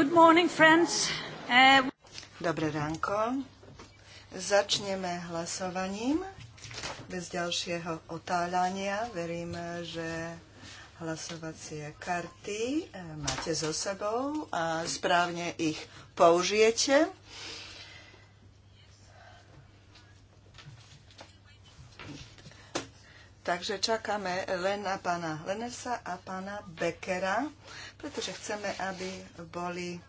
Good morning, friends. Uh, Dobré ránko. Začneme hlasovaním. Bez ďalšieho otáľania verím, že hlasovacie karty eh, máte so sebou a správne ich použijete. Takže čakáme len na pána Lenersa a pána Bekera pretože chceme, aby boli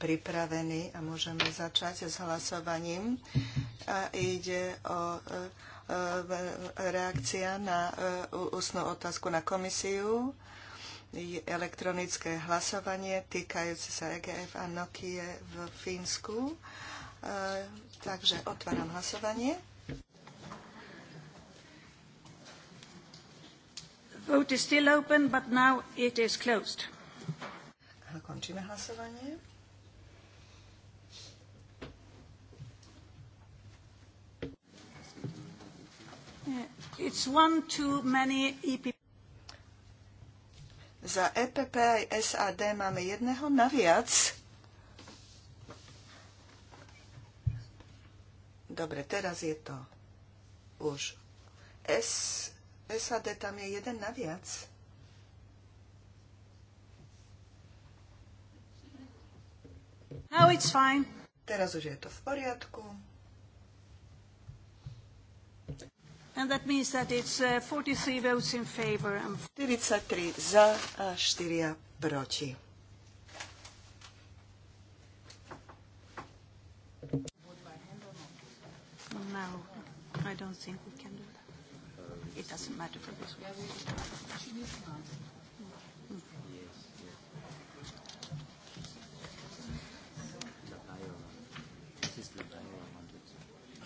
pripravení a môžeme začať s hlasovaním. A ide o e, e, reakcia na e, ústnu otázku na komisiu, elektronické hlasovanie týkajúce sa EGF a Nokie v Fínsku. Takže otváram hlasovanie. Vote is still open, but now it is closed. Končíme hlasovanie. It's one too many EPP. Za EPP aj SAD máme jedného naviac. Dobre, teraz je to už S, SAD tam je jeden naviac. viac. Now it's fine. Teraz už je to v poriadku. And that means that it's 43 uh, votes in favor. 43 za a 4 proti. No, I don't think we can do that. It doesn't matter for this one.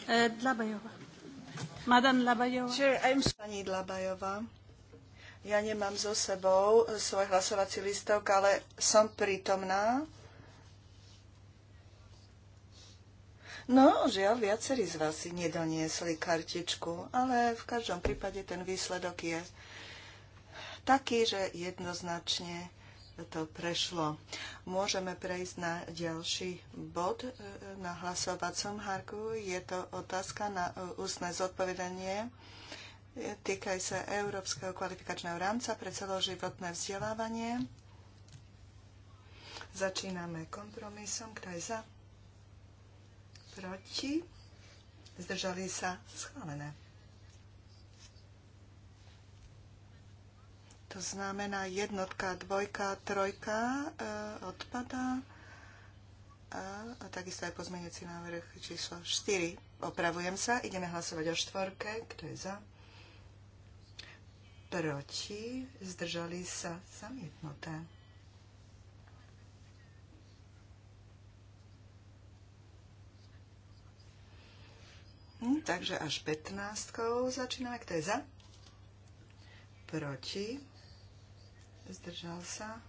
E, Dlabajová. Madame Pani Dlabajová. Ja nemám so sebou svoj hlasovací listok, ale som prítomná. No, žiaľ, viacerí z vás si nedoniesli kartičku, ale v každom prípade ten výsledok je taký, že jednoznačne to prešlo. Môžeme prejsť na ďalší bod e, na hlasovacom harku. Je to otázka na e, ústne zodpovedanie. E, týkaj sa Európskeho kvalifikačného rámca pre celoživotné vzdelávanie. Začíname kompromisom. Kto je za? Proti? Zdržali sa? Schválené. To znamená, jednotka, dvojka, trojka e, odpadá. A, a takisto aj pozmeňujúci návrh číslo 4. Opravujem sa. Ideme hlasovať o štvorke. Kto je za? Proti. Zdržali sa zamietnuté. Hm, takže až 15 začíname. Kto je za? Proti zdržal sa.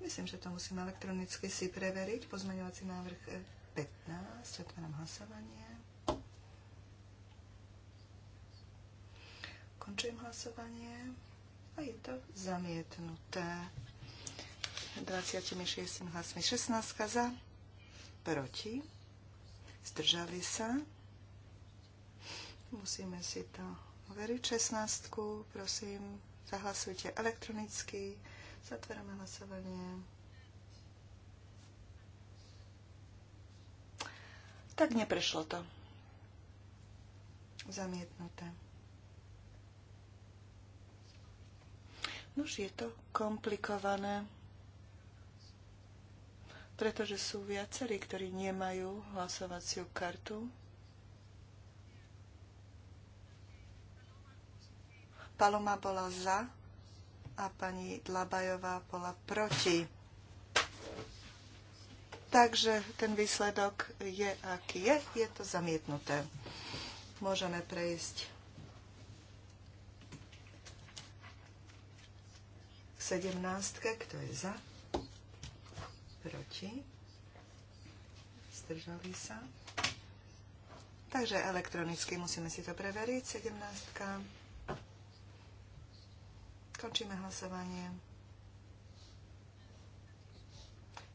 Myslím, že to musím elektronicky si preveriť. Pozmeňovací návrh 15, otváram hlasovanie. Končím hlasovanie a je to zamietnuté. 26 hlasmi 16 za, proti, zdržali sa. Musíme si to overiť. 16, prosím, Zahlasujte elektronicky. Zatvárame hlasovanie. Tak neprešlo to. Zamietnuté. Nož je to komplikované, pretože sú viacerí, ktorí nemajú hlasovaciu kartu. Paloma bola za a pani Dlabajová bola proti. Takže ten výsledok je, aký je. Je to zamietnuté. Môžeme prejsť 17. Kto je za? Proti? Zdržali sa? Takže elektronicky musíme si to preveriť. 17. Končíme hlasovanie.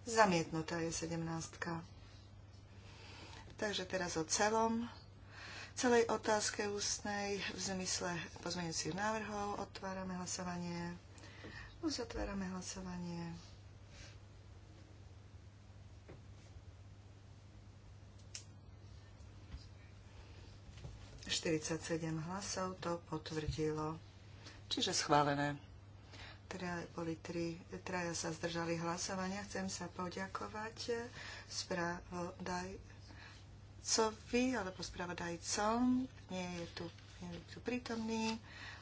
Zamietnutá je 17. Takže teraz o celom celej otázke ústnej v zmysle pozmeňujúcich návrhov. Otvárame hlasovanie. Uzatvárame hlasovanie. Štyridsaťsedem hlasov to potvrdilo. Čiže schválené. Teda boli tri, traja sa zdržali hlasovania. Chcem sa poďakovať spravodajcovi alebo spravodajcom. Nie je tu, nie je tu prítomný.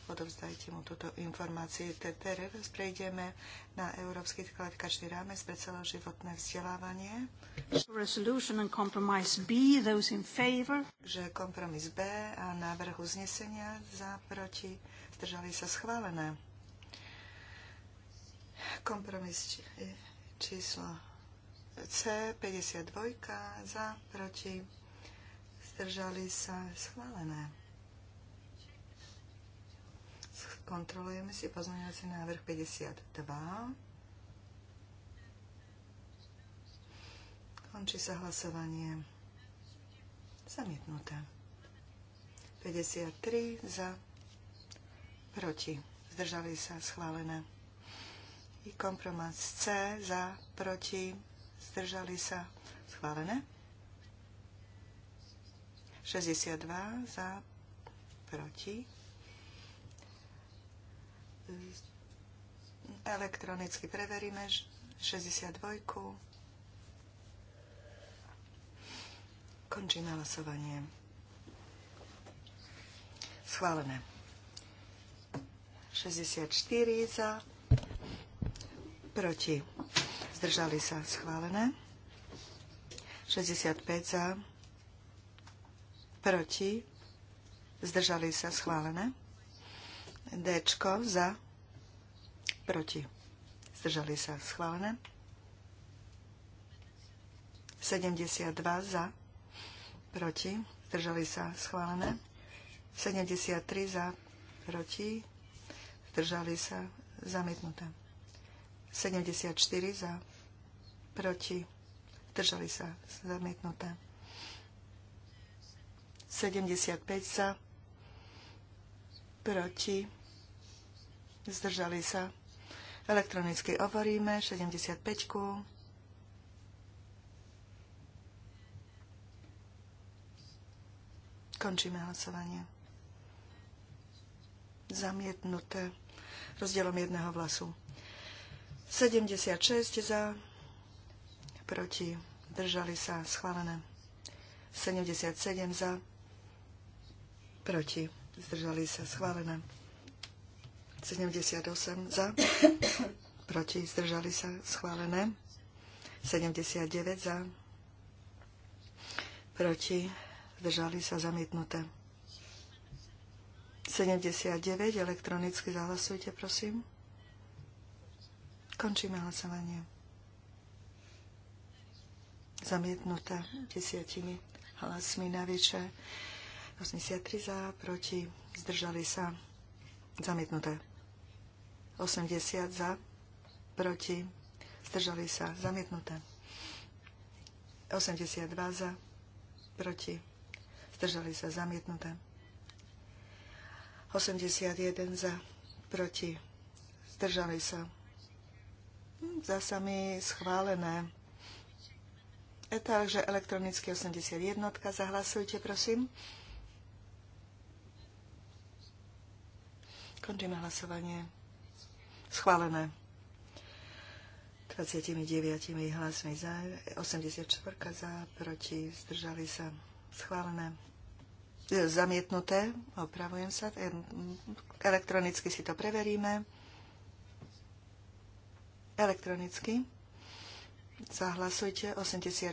Odovzdajte mu túto informáciu. Teraz prejdeme na Európsky kvalifikačný rámec pre celoživotné vzdelávanie. Resolution and compromise B, those in favor. Že kompromis B a návrh uznesenia za proti zdržali sa schválené. Kompromis číslo C, 52 za, proti, zdržali sa schválené. Kontrolujeme si pozmeňovací návrh 52. Končí sa hlasovanie. Zamietnuté. 53 za, proti, zdržali sa schválené. I kompromat C za, proti, zdržali sa schválené. 62 za, proti. Elektronicky preveríme 62. Končíme hlasovanie. Schválené. 64 za, proti, zdržali sa schválené. 65 za, proti, zdržali sa schválené. D za, proti, zdržali sa schválené. 72 za, proti, zdržali sa schválené. 73 za, proti, zdržali sa, zamietnuté. 74 za, proti, zdržali sa, zamietnuté. 75 za, proti, zdržali sa. Elektronicky hovoríme, 75. Končíme hlasovanie. Zamietnuté rozdielom jedného hlasu. 76 za, proti, držali sa, schválené. 77 za, proti, zdržali sa, schválené. 78 za, proti, zdržali sa, schválené. 79 za, proti, zdržali sa, zamietnuté. 79. Elektronicky zahlasujte, prosím. Končíme hlasovanie. Zamietnuté desiatimi hlasmi navyše. 83 za, proti, zdržali sa. Zamietnuté. 80 za, proti, zdržali sa. Zamietnuté. 82 za, proti, zdržali sa. Zamietnuté. 81 za, proti, zdržali sa. Hm, Zasa mi schválené. Takže elektronicky 81, zahlasujte, prosím. Končíme hlasovanie. Schválené. 29 hlasmi za, 84 za, proti, zdržali sa. Schválené zamietnuté, opravujem sa, elektronicky si to preveríme. Elektronicky. Zahlasujte. 84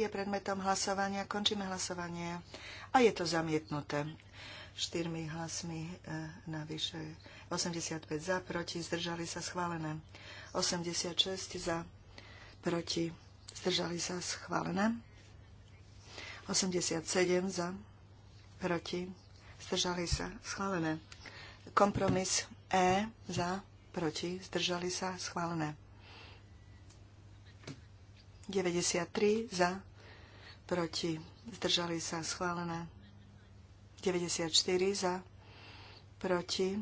je predmetom hlasovania. Končíme hlasovanie. A je to zamietnuté. 4 hlasmi eh, navyše. 85 za, proti, zdržali sa schválené. 86 za, proti, zdržali sa schválené. 87 za, proti, zdržali sa, schválené. Kompromis E za, proti, zdržali sa, schválené. 93 za, proti, zdržali sa, schválené. 94 za, proti,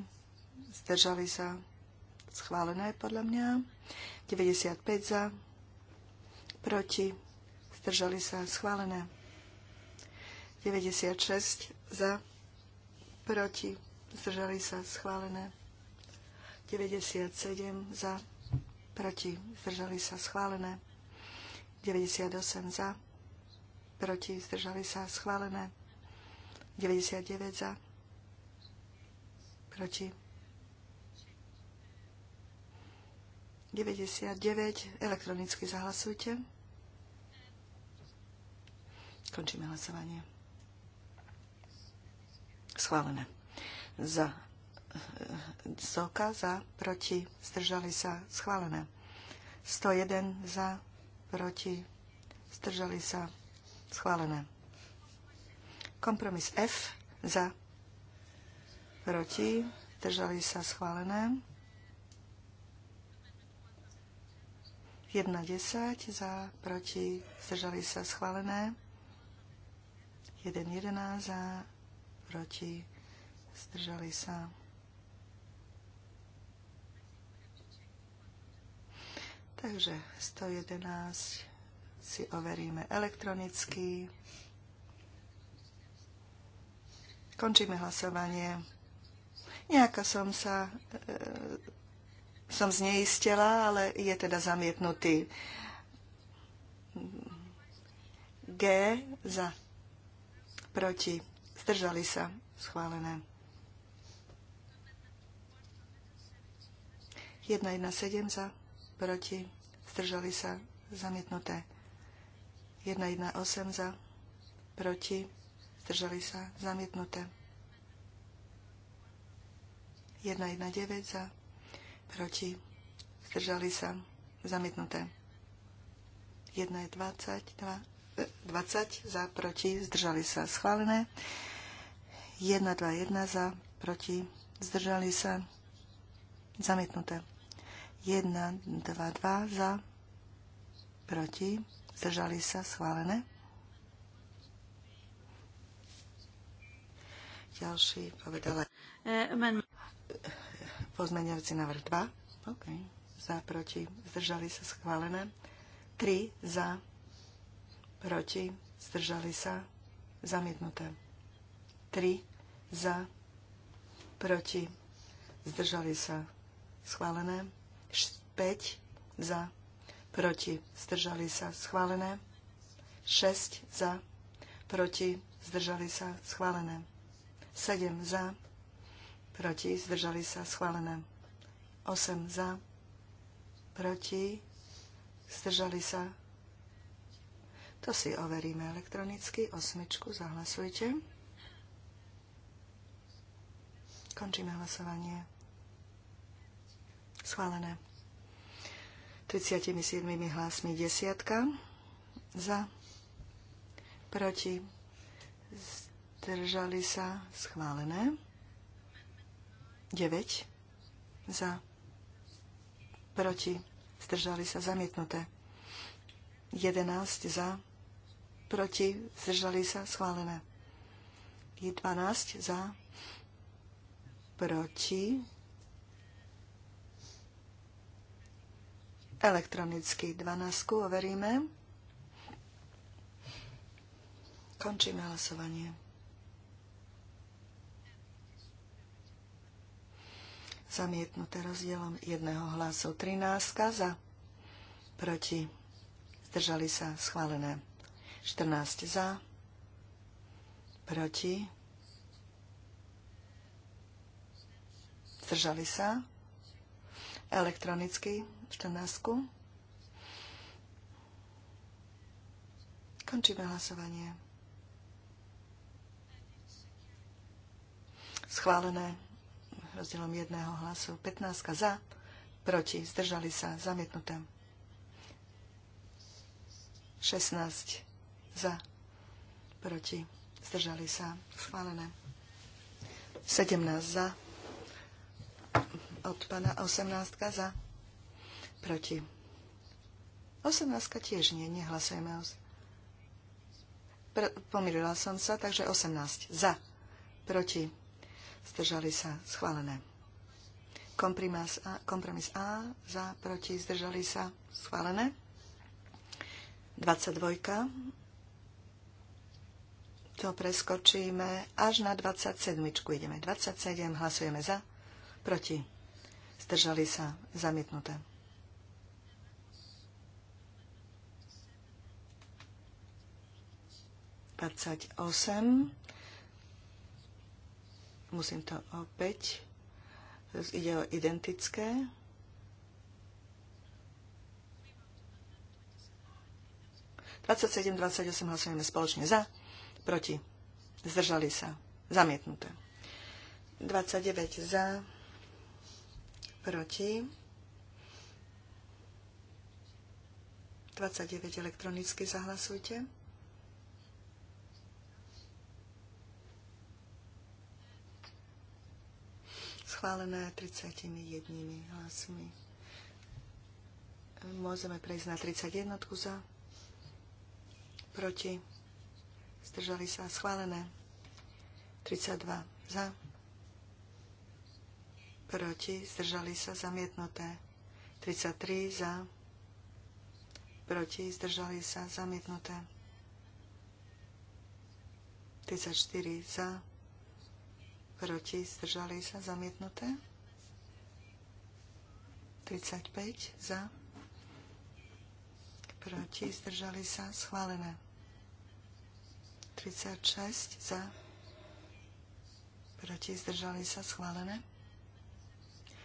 zdržali sa, schválené podľa mňa. 95 za, proti, zdržali sa, schválené. 96 za, proti, zdržali sa schválené. 97 za, proti, zdržali sa schválené. 98 za, proti, zdržali sa schválené. 99 za, proti. 99, elektronicky zahlasujte. Končíme hlasovanie. Schválené. Za. Zoka za, proti, zdržali sa, schválené. 101 za, proti, zdržali sa, schválené. Kompromis F za, proti, zdržali sa, schválené. 1 10 za, proti, zdržali sa, schválené. 1, 11 za, proti, zdržali sa. Takže 111 si overíme elektronicky. Končíme hlasovanie. Nejako som sa e, som zneistila, ale je teda zamietnutý. G za proti zdržali sa, schválené. 117 za, proti, zdržali sa, zamietnuté. 118 za, proti, zdržali sa, zamietnuté. 119 za, proti, zdržali sa, zamietnuté. 1,22 20 e, za, proti, zdržali sa, schválené. 1 2, 1 za, proti, zdržali sa, zamietnuté. 1, 2, 2 za, proti, zdržali sa, schválené. Ďalší povedala. Pozmeňujúci návrh 2. OK. Za, proti, zdržali sa, schválené. 3 za, proti, zdržali sa, zamietnuté. 3 za, proti, zdržali sa schválené, 5 za, proti, zdržali sa schválené, 6 za, proti, zdržali sa schválené, 7 za, proti, zdržali sa schválené, 8 za, proti, zdržali sa. To si overíme elektronicky, osmičku zahlasujte. Končíme hlasovanie. Schválené. 37 hlasmi desiatka. Za. Proti. Zdržali sa. Schválené. 9. Za. Proti. Zdržali sa. Zamietnuté. 11 za, proti, zdržali sa, schválené. 12 za, proti. Elektronicky 12 overíme. Končíme hlasovanie. Zamietnuté rozdielom jedného hlasu 13 za, proti, zdržali sa schválené 14 za, proti, Zdržali sa. Elektronicky 14. Končíme hlasovanie. Schválené rozdielom jedného hlasu. 15 za, proti, zdržali sa, zamietnuté. 16 za, proti, zdržali sa, schválené. 17 za, od pána 18 za. Proti. 18 tiež nie, nehlasujeme. Pr- pomýlila som sa, takže 18 za. Proti. Zdržali sa. Schválené. A, kompromis A za, proti, zdržali sa. Schválené. 22 to preskočíme až na 27. Ideme 27, hlasujeme za, proti. Zdržali sa. Zamietnuté. Musím to opäť. Ide o identické. Dvadsaťsedem, dvadsaťosem hlasujeme spoločne za, proti. Zdržali sa. Zamietnuté. 29 za, proti. 29 elektronicky zahlasujte. Schválené 31 hlasmi. Môžeme prejsť na 31 za. Proti. Zdržali sa. Schválené. 32 za proti, zdržali sa zamietnuté. 33 za, proti, zdržali sa zamietnuté. 34 za, proti, zdržali sa zamietnuté. 35 za, proti, zdržali sa schválené. 36 za, proti, zdržali sa schválené.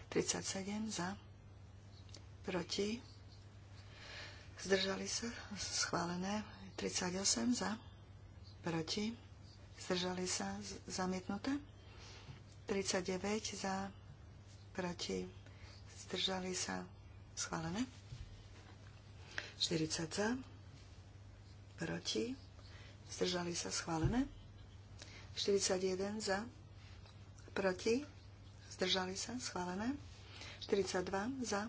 37 za, proti, zdržali sa, schválené, 38 za, proti, zdržali sa, zamietnuté, 39 za, proti, zdržali sa, schválené, 40 za, proti, zdržali sa, schválené, 41 za, proti, zdržali sa, schválené. 42 za,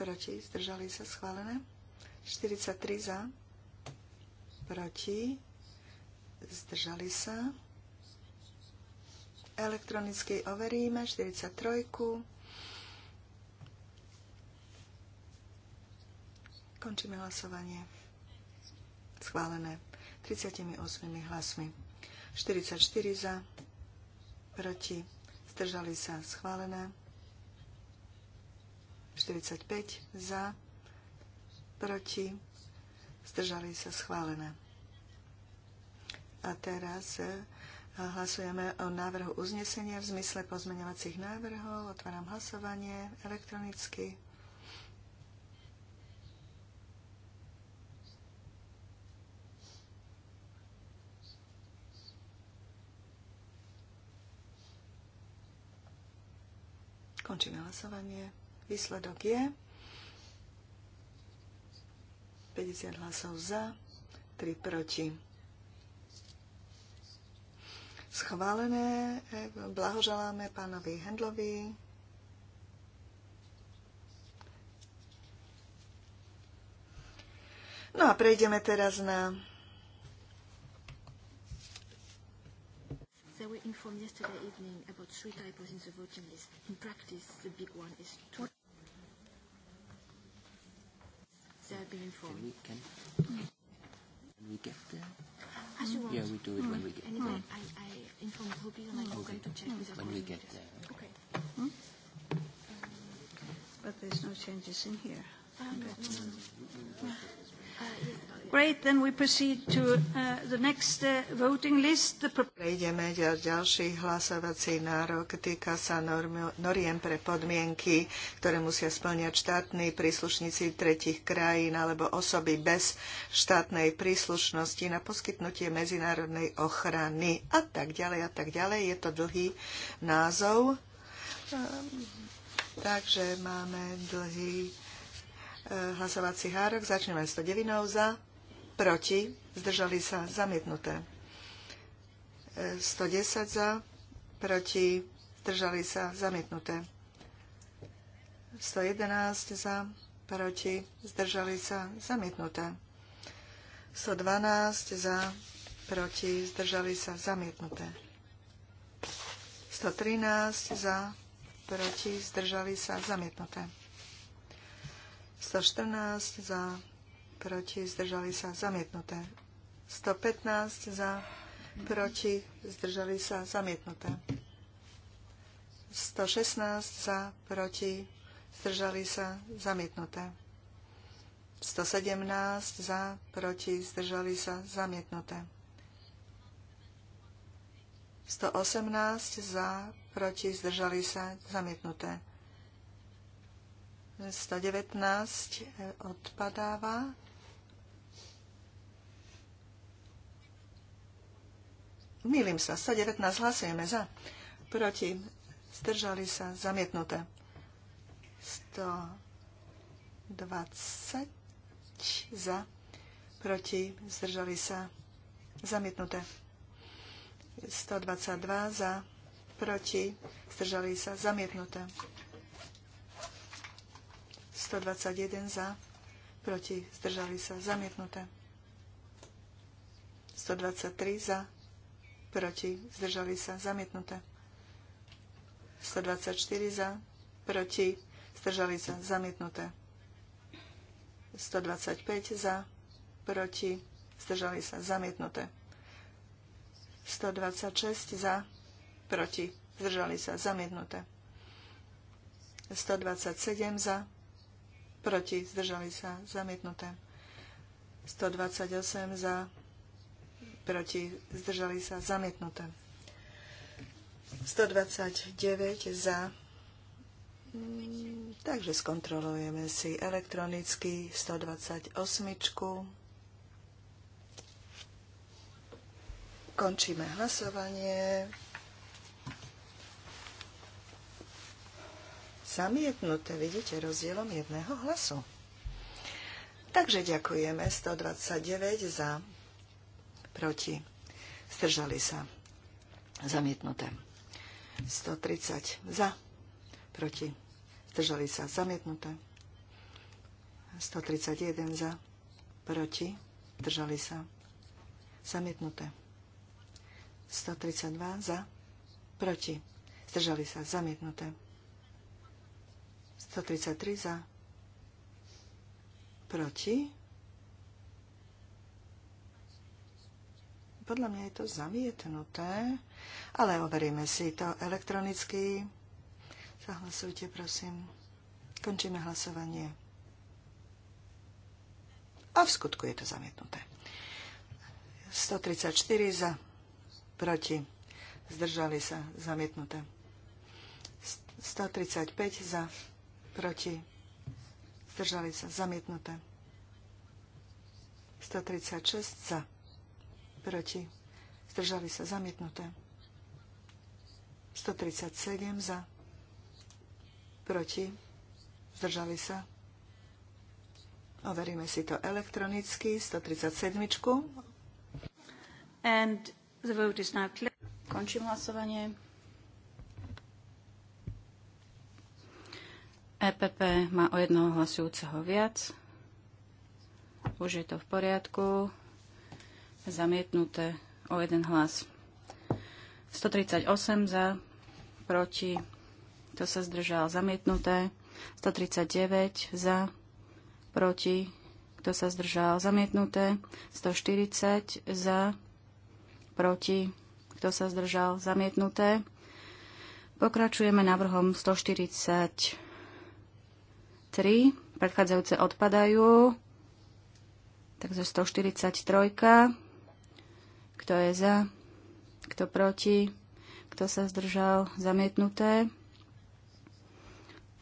proti, zdržali sa, schválené. 43 za, proti, zdržali sa. Elektronicky overíme 43. Končíme hlasovanie. Schválené 38 hlasmi. 44 za, proti, zdržali sa schválené. 45 za, proti, zdržali sa schválené. A teraz e, hlasujeme o návrhu uznesenia v zmysle pozmeňovacích návrhov. Otváram hlasovanie elektronicky. Končíme hlasovanie. Výsledok je 50 hlasov za, 3 proti. Schválené, blahoželáme pánovi Hendlovi. No a prejdeme teraz na they were informed yesterday evening about three typos in the voting list. In practice, the big one is two. They have been informed. Can we, can, can we get there? As you want. Yeah, we do it mm. when we get there. Anyway, I, I informed Ruby and I'm okay. going to check mm. with When we get there. Okay. Hmm? But there's no changes in here. Um, no. No. no. Mm-hmm. Great, then we proceed to uh, the next uh, voting list. The... Prejdeme ďal ďalší hlasovací nárok. Týka sa noriem pre podmienky, ktoré musia splňať štátni príslušníci tretich krajín alebo osoby bez štátnej príslušnosti na poskytnutie medzinárodnej ochrany a tak ďalej a tak ďalej. Je to dlhý názov. Um, takže máme dlhý hlasovací hárok. Začneme 109 za, proti, zdržali sa, zamietnuté. 110 e, za, proti, zdržali sa, zamietnuté. 111 za, proti, zdržali sa, zamietnuté. 112 za, proti, zdržali sa, zamietnuté. 113 za, proti, zdržali sa, zamietnuté. 114 za, proti, zdržali sa, zamietnuté. 115 za, proti, zdržali sa, zamietnuté. 116 za, proti, zdržali sa, zamietnuté. 117 za, proti, zdržali sa, zamietnuté. 118 za, proti, zdržali sa, zamietnuté. 119 e, odpadáva. Mýlim sa, 119 hlasujeme za. Proti, zdržali sa, zamietnuté. 120 za, proti, zdržali sa, zamietnuté. 122 za, proti, zdržali sa, zamietnuté. 121 za, proti, zdržali sa, zamietnuté. 123 za, proti, zdržali sa, zamietnuté. 124 za, proti, zdržali sa, zamietnuté. 125 za, proti, zdržali sa, zamietnuté. 126 za, proti, zdržali sa, zamietnuté. 127 za, proti, zdržali sa, zamietnuté. 128 za, proti, zdržali sa, zamietnuté. 129 za. Mm, takže skontrolujeme si elektronicky 128. Končíme hlasovanie. Zamietnuté, vidíte, rozdielom jedného hlasu. Takže ďakujeme 129 za, proti, stržali sa, zamietnuté. 130 za, proti, Stržali sa, zamietnuté. 131 za, proti, držali sa, zamietnuté. 132 za, proti, zdržali sa, zamietnuté. 133 za. Proti. Podľa mňa je to zamietnuté, ale overíme si to elektronicky. Zahlasujte, prosím. Končíme hlasovanie. A v skutku je to zamietnuté. 134 za, proti, zdržali sa, zamietnuté. 135 za, proti, zdržali sa, zamietnuté. 136 za, proti, zdržali sa, zamietnuté. 137 za, proti, zdržali sa. Overíme si to elektronicky, 137. And the vote is now clear. Končím hlasovanie. EPP má o jednoho hlasujúceho viac. Už je to v poriadku. Zamietnuté o jeden hlas. 138 za, proti, to sa zdržal zamietnuté. 139 za, proti, kto sa zdržal zamietnuté. 140 za, proti, kto sa zdržal zamietnuté. Pokračujeme návrhom 140. 3, predchádzajúce odpadajú, takže 143, kto je za, kto proti, kto sa zdržal, zamietnuté.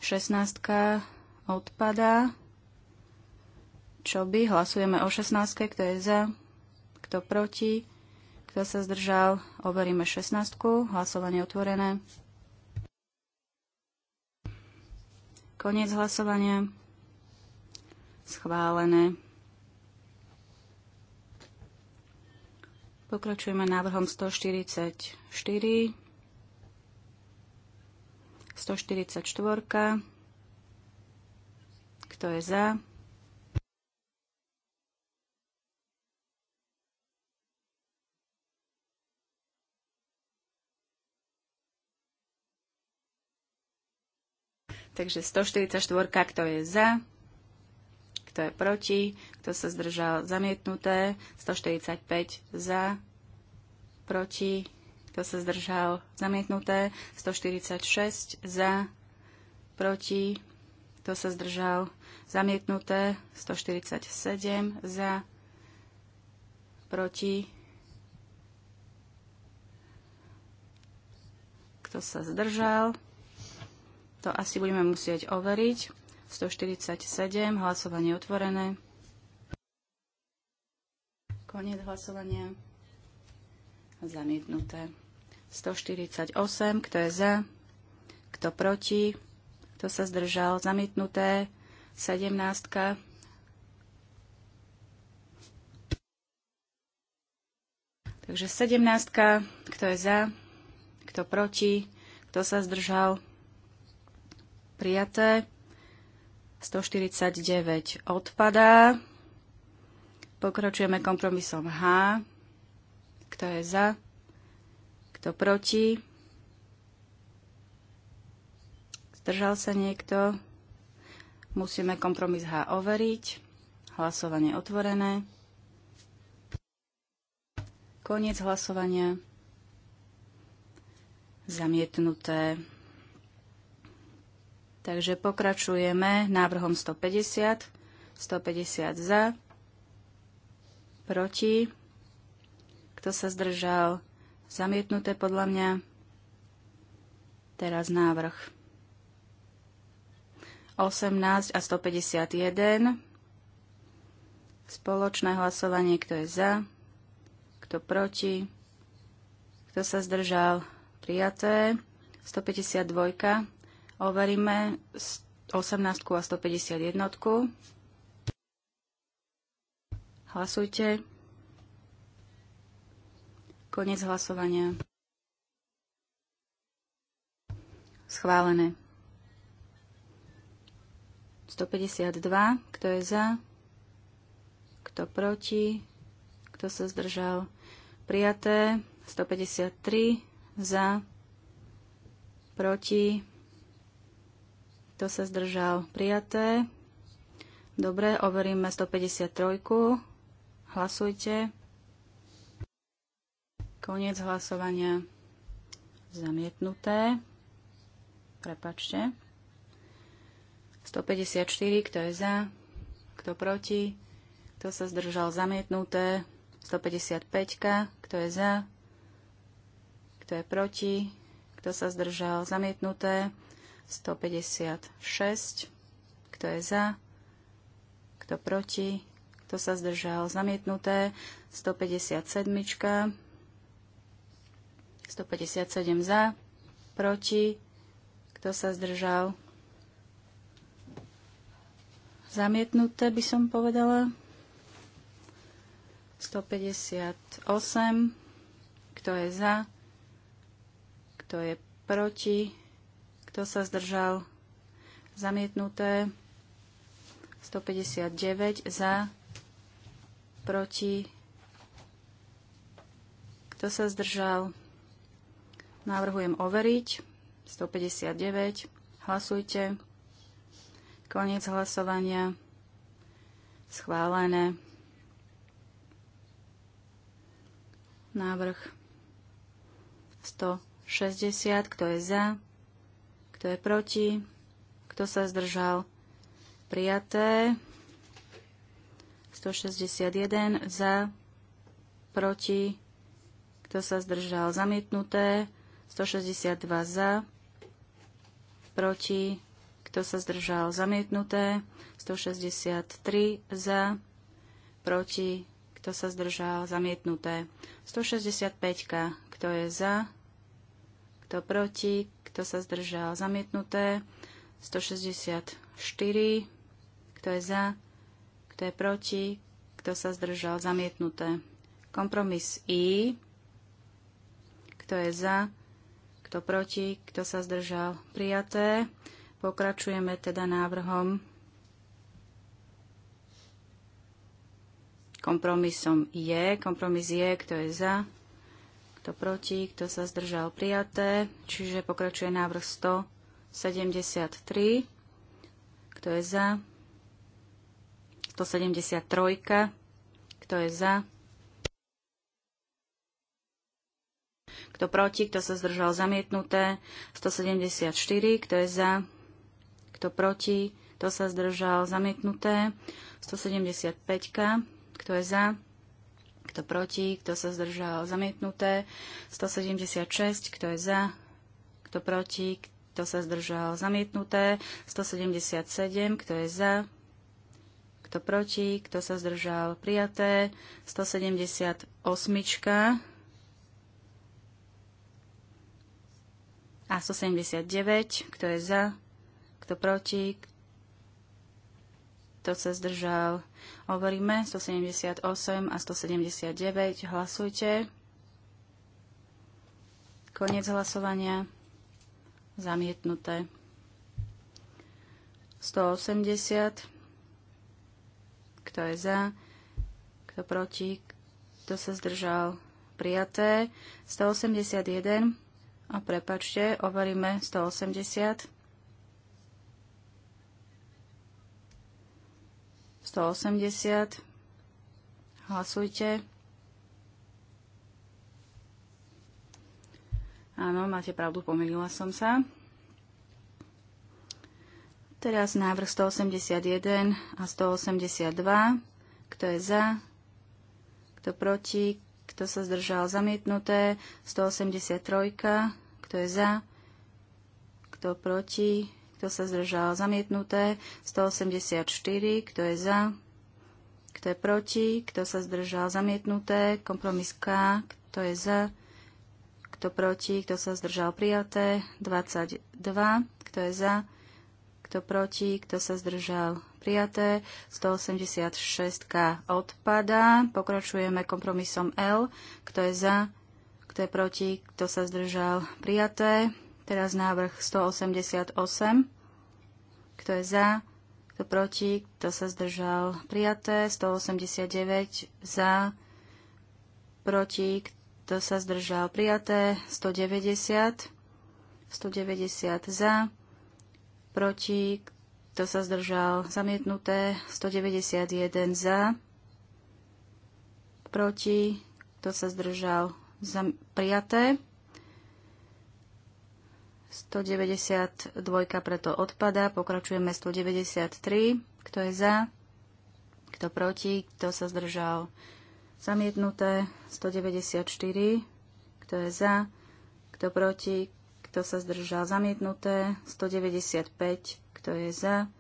16 odpadá. Čo by? Hlasujeme o 16, kto je za, kto proti, kto sa zdržal, overíme 16, hlasovanie otvorené. Koniec hlasovania. Schválené. Pokračujeme návrhom 144. 144. Kto je za? Takže 144, kto je za, kto je proti, kto sa zdržal zamietnuté, 145 za, proti, kto sa zdržal zamietnuté, 146 za, proti, kto sa zdržal zamietnuté, 147 za, proti, kto sa zdržal. To asi budeme musieť overiť. 147, hlasovanie otvorené. Koniec hlasovania. Zamietnuté. 148, kto je za, kto proti, kto sa zdržal, zamietnuté. 17. Takže 17. Kto je za? Kto proti? Kto sa zdržal? prijaté. 149 odpadá. Pokračujeme kompromisom H. Kto je za? Kto proti? Zdržal sa niekto? Musíme kompromis H overiť. Hlasovanie otvorené. Koniec hlasovania. Zamietnuté. Takže pokračujeme návrhom 150. 150 za, proti, kto sa zdržal, zamietnuté podľa mňa. Teraz návrh 18 a 151. Spoločné hlasovanie, kto je za, kto proti, kto sa zdržal, prijaté. 152 Overíme 18 a 151. Hlasujte. Konec hlasovania. Schválené. 152. Kto je za? Kto proti? Kto sa zdržal? Prijaté. 153. Za. Proti. Kto sa zdržal? Prijaté. Dobre, overíme 153. Hlasujte. Koniec hlasovania. Zamietnuté. Prepačte. 154, kto je za, kto proti, kto sa zdržal zamietnuté, 155, kto je za, kto je proti, kto sa zdržal zamietnuté, 156. Kto je za? Kto proti? Kto sa zdržal? Zamietnuté. 157. 157 za. Proti. Kto sa zdržal? Zamietnuté by som povedala. 158. Kto je za? Kto je proti? Kto sa zdržal? Zamietnuté. 159 za. Proti. Kto sa zdržal? Navrhujem overiť. 159. Hlasujte. Koniec hlasovania. Schválené. Návrh 160. Kto je za? Kto je proti? Kto sa zdržal? Prijaté. 161 za, proti, kto sa zdržal, zamietnuté, 162 za, proti, kto sa zdržal, zamietnuté, 163 za, proti, kto sa zdržal, zamietnuté, 165, kto je za, kto proti, kto sa zdržal. Zamietnuté 164, kto je za, kto je proti, kto sa zdržal. Zamietnuté. Kompromis I, kto je za, kto proti, kto sa zdržal. Prijaté. Pokračujeme teda návrhom kompromisom je. Kompromis je, kto je za, kto proti, kto sa zdržal prijaté, čiže pokračuje návrh 173, kto je za, 173, kto je za, kto proti, kto sa zdržal zamietnuté, 174, kto je za, kto proti, kto sa zdržal zamietnuté, 175, kto je za, kto proti? Kto sa zdržal? Zamietnuté. 176. Kto je za? Kto proti? Kto sa zdržal? Zamietnuté. 177. Kto je za? Kto proti? Kto sa zdržal? Prijaté. 178. A 179. Kto je za? Kto proti? Kto sa zdržal? Hovoríme 178 a 179. Hlasujte. Koniec hlasovania. Zamietnuté. 180. Kto je za? Kto proti? Kto sa zdržal? Prijaté. 181. A prepačte, overíme 180. 180. Hlasujte. Áno, máte pravdu, pomýlila som sa. Teraz návrh 181 a 182. Kto je za? Kto proti? Kto sa zdržal? Zamietnuté. 183. Kto je za? Kto proti? Kto sa zdržal? Zamietnuté. 184. Kto je za? Kto je proti? Kto sa zdržal? Zamietnuté. Kompromis K. Kto je za? Kto proti? Kto sa zdržal? Prijaté. 22. Kto je za? Kto proti? Kto sa zdržal? Prijaté. 186 odpada. Pokračujeme kompromisom L. Kto je za? Kto je proti? Kto sa zdržal? Prijaté. Teraz návrh 188. Kto je za? Kto proti? Kto sa zdržal? Prijaté. 189 za. Proti? Kto sa zdržal? Prijaté. 190. 190 za. Proti? Kto sa zdržal? Zamietnuté. 191 za. Proti? Kto sa zdržal? Zam- prijaté. 192 preto odpada. Pokračujeme 193. Kto je za? Kto proti? Kto sa zdržal? Zamietnuté 194. Kto je za? Kto proti? Kto sa zdržal? Zamietnuté 195. Kto je za?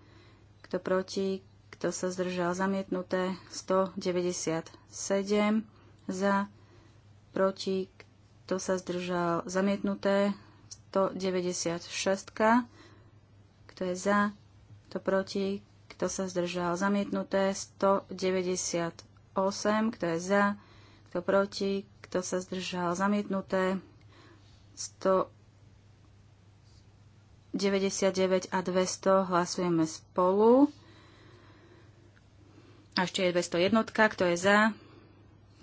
Kto proti? Kto sa zdržal? Zamietnuté 197. Za? Proti? Kto sa zdržal? Zamietnuté 196. Kto je za? Kto proti? Kto sa zdržal? Zamietnuté 198. Kto je za? Kto proti? Kto sa zdržal? Zamietnuté 199 a 200 hlasujeme spolu. A ešte je 201. Kto je za?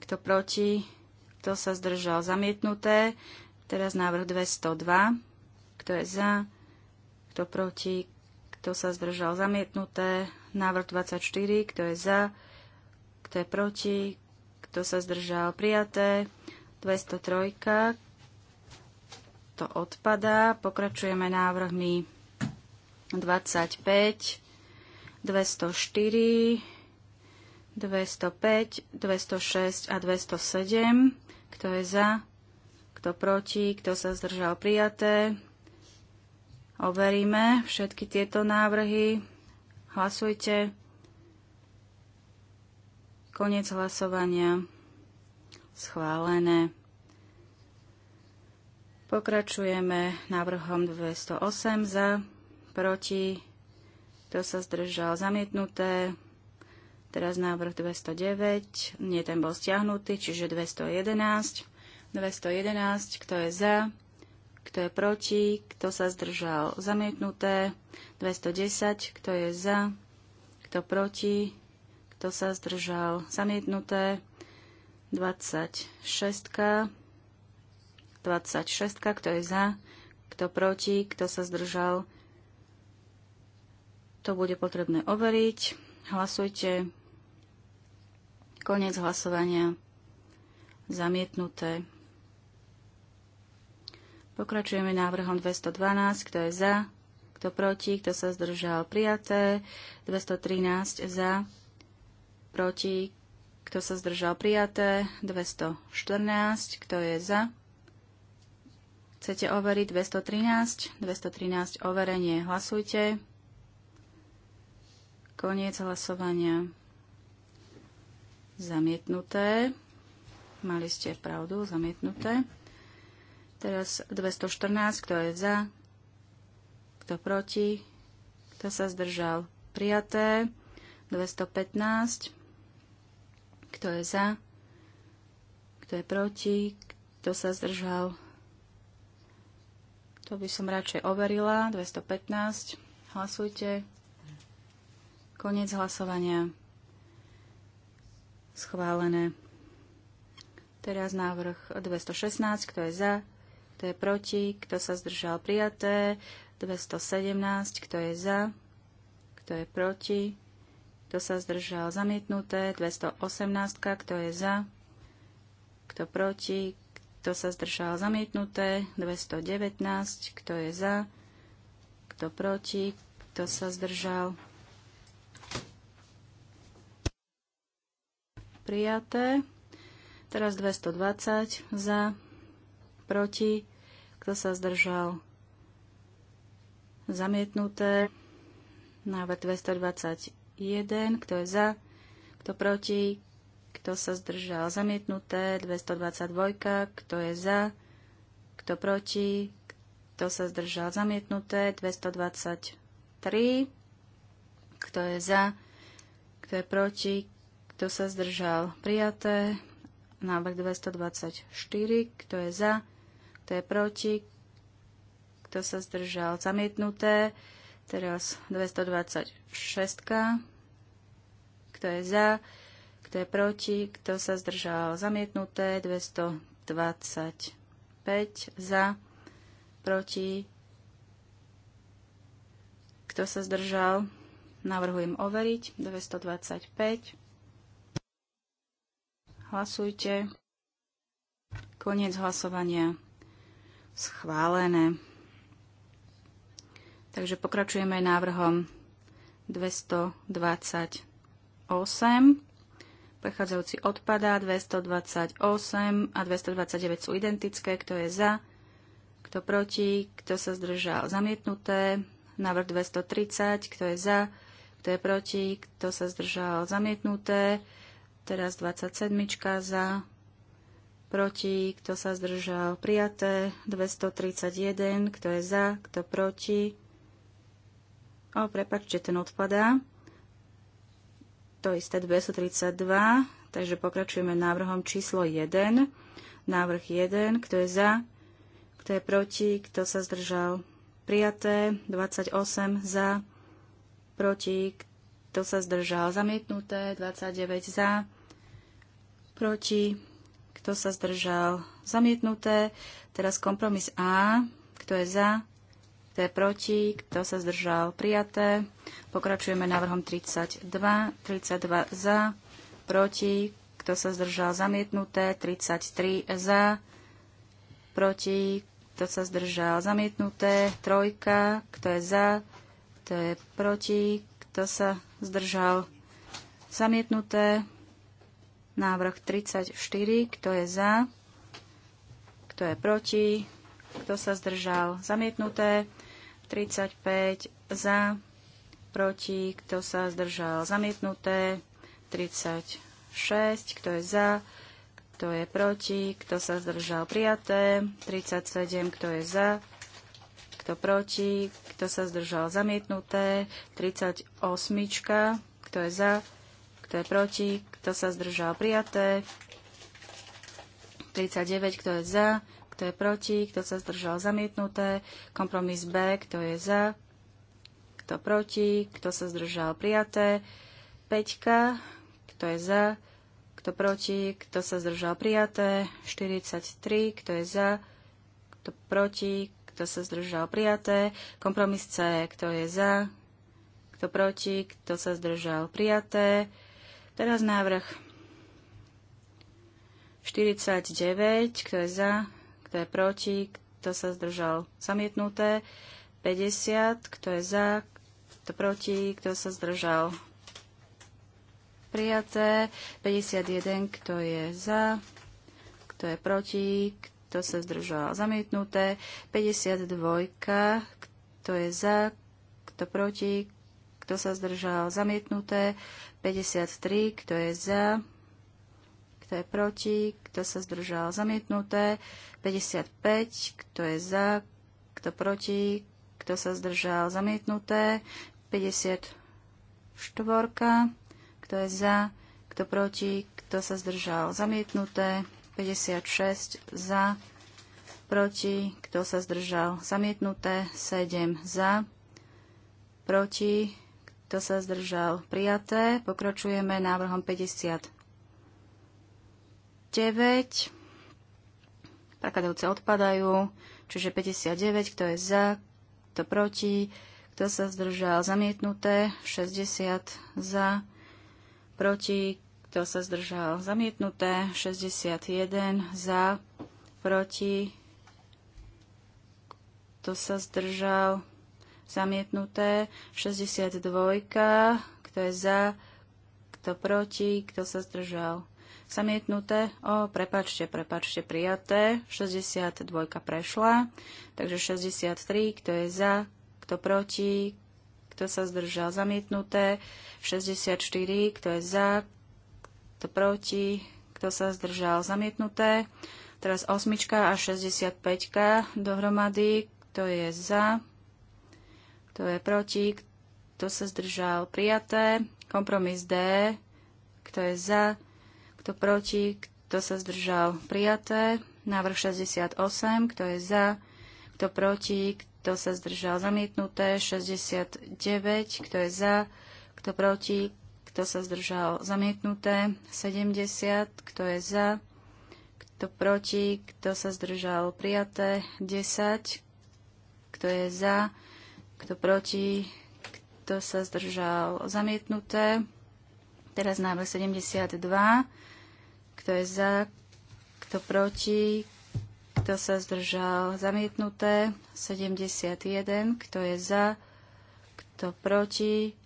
Kto proti? Kto sa zdržal? Zamietnuté. Teraz návrh 202. Kto je za? Kto proti? Kto sa zdržal? Zamietnuté. Návrh 24. Kto je za? Kto je proti? Kto sa zdržal? Prijaté. 203. To odpadá. Pokračujeme návrhmi 25, 204, 205, 206 a 207. Kto je za? kto proti, kto sa zdržal prijaté. Overíme všetky tieto návrhy. Hlasujte. Konec hlasovania. Schválené. Pokračujeme návrhom 208 za, proti, kto sa zdržal zamietnuté. Teraz návrh 209, nie ten bol stiahnutý, čiže 211 211, kto je za, kto je proti, kto sa zdržal. Zamietnuté 210, kto je za, kto proti, kto sa zdržal. Zamietnuté 26, 26, kto je za, kto proti, kto sa zdržal. To bude potrebné overiť. Hlasujte. Koniec hlasovania. Zamietnuté. Pokračujeme návrhom 212, kto je za, kto proti, kto sa zdržal prijaté, 213 za, proti, kto sa zdržal prijaté, 214, kto je za. Chcete overiť 213? 213 overenie. Hlasujte. Koniec hlasovania. Zamietnuté. Mali ste pravdu, zamietnuté. Teraz 214, kto je za, kto proti, kto sa zdržal. Prijaté 215, kto je za, kto je proti, kto sa zdržal. To by som radšej overila. 215. Hlasujte. Koniec hlasovania. Schválené. Teraz návrh 216. Kto je za? kto je proti, kto sa zdržal prijaté, 217, kto je za, kto je proti, kto sa zdržal zamietnuté, 218, kto je za, kto proti, kto sa zdržal zamietnuté, 219, kto je za, kto proti, kto sa zdržal prijaté. Teraz 220 za, proti, kto sa zdržal, zamietnuté. Návrh 221, kto je za, kto proti, kto sa zdržal, zamietnuté. 222, kto je za, kto proti, kto sa zdržal, zamietnuté. 223, kto je za, kto je proti, kto sa zdržal, prijaté. Návrh 224, kto je za, kto je proti? Kto sa zdržal? Zamietnuté. Teraz 226. Kto je za? Kto je proti? Kto sa zdržal? Zamietnuté. 225 za. Proti. Kto sa zdržal? Navrhujem overiť. 225. Hlasujte. Koniec hlasovania. Schválené. Takže pokračujeme návrhom 228. Prechádzajúci odpadá 228 a 229 sú identické. Kto je za? Kto proti? Kto sa zdržal? Zamietnuté. Návrh 230. Kto je za? Kto je proti? Kto sa zdržal? Zamietnuté. Teraz 27. za proti, kto sa zdržal, prijaté, 231, kto je za, kto proti. O, prepačte, ten odpadá. To isté 232, takže pokračujeme návrhom číslo 1. Návrh 1, kto je za, kto je proti, kto sa zdržal, prijaté, 28 za, proti, kto sa zdržal, zamietnuté, 29 za, proti, kto sa zdržal? Zamietnuté. Teraz kompromis A. Kto je za? Kto je proti? Kto sa zdržal? Prijaté. Pokračujeme návrhom 32. 32 za. Proti. Kto sa zdržal? Zamietnuté. 33 za. Proti. Kto sa zdržal? Zamietnuté. Trojka. Kto je za? Kto je proti? Kto sa zdržal? Zamietnuté. Návrh 34, kto je za, kto je proti, kto sa zdržal, zamietnuté. 35 za, proti, kto sa zdržal, zamietnuté. 36, kto je za, kto je proti, kto sa zdržal, prijaté. 37, kto je za, kto proti, kto sa zdržal zamietnuté, 38, kto je za, kto je proti, kto sa zdržal prijaté. 39, kto je za, kto je proti, kto sa zdržal zamietnuté. Kompromis B, kto je za, kto proti, kto sa zdržal prijaté. 5, kto je za, kto proti, kto sa zdržal prijaté. 43, kto je za, kto proti, kto sa zdržal prijaté. Kompromis C, kto je za, kto proti, kto sa zdržal prijaté. Teraz návrh 49, kto je za, kto je proti, kto sa zdržal zamietnuté. 50, kto je za, kto proti, kto sa zdržal prijaté. 51, kto je za, kto je proti, kto sa zdržal zamietnuté. 52, kto je za, kto proti, kto sa zdržal? Zamietnuté. 53. Kto je za? Kto je proti? Kto sa zdržal? Zamietnuté. 55. Kto je za? Kto proti? Kto sa zdržal? Zamietnuté. 54. Kto je za? Kto proti? Kto sa zdržal? Zamietnuté. 56 za, proti, kto sa zdržal? Zamietnuté. 7 za, proti, kto sa zdržal? Prijaté. Pokračujeme návrhom 59. Prakadovce odpadajú. Čiže 59, kto je za, kto proti, kto sa zdržal, zamietnuté. 60 za, proti, kto sa zdržal, zamietnuté. 61 za, proti, kto sa zdržal, zamietnuté zamietnuté. 62, kto je za, kto proti, kto sa zdržal. Zamietnuté, o, prepačte, prepačte, prijaté. 62 prešla, takže 63, kto je za, kto proti, kto sa zdržal. Zamietnuté, 64, kto je za, kto proti, kto sa zdržal. Zamietnuté, teraz osmička a 65 dohromady, kto je za, kto je proti, kto sa zdržal, prijaté. Kompromis D, kto je za, kto proti, kto sa zdržal, prijaté. Návrh 68, kto je za, kto proti, kto sa zdržal, zamietnuté. 69, kto je za, kto proti, kto sa zdržal, zamietnuté. 70, kto je za, kto proti, kto sa zdržal, prijaté. 10, kto je za, kto proti? Kto sa zdržal? Zamietnuté. Teraz návrh 72. Kto je za? Kto proti? Kto sa zdržal? Zamietnuté. 71. Kto je za? Kto proti?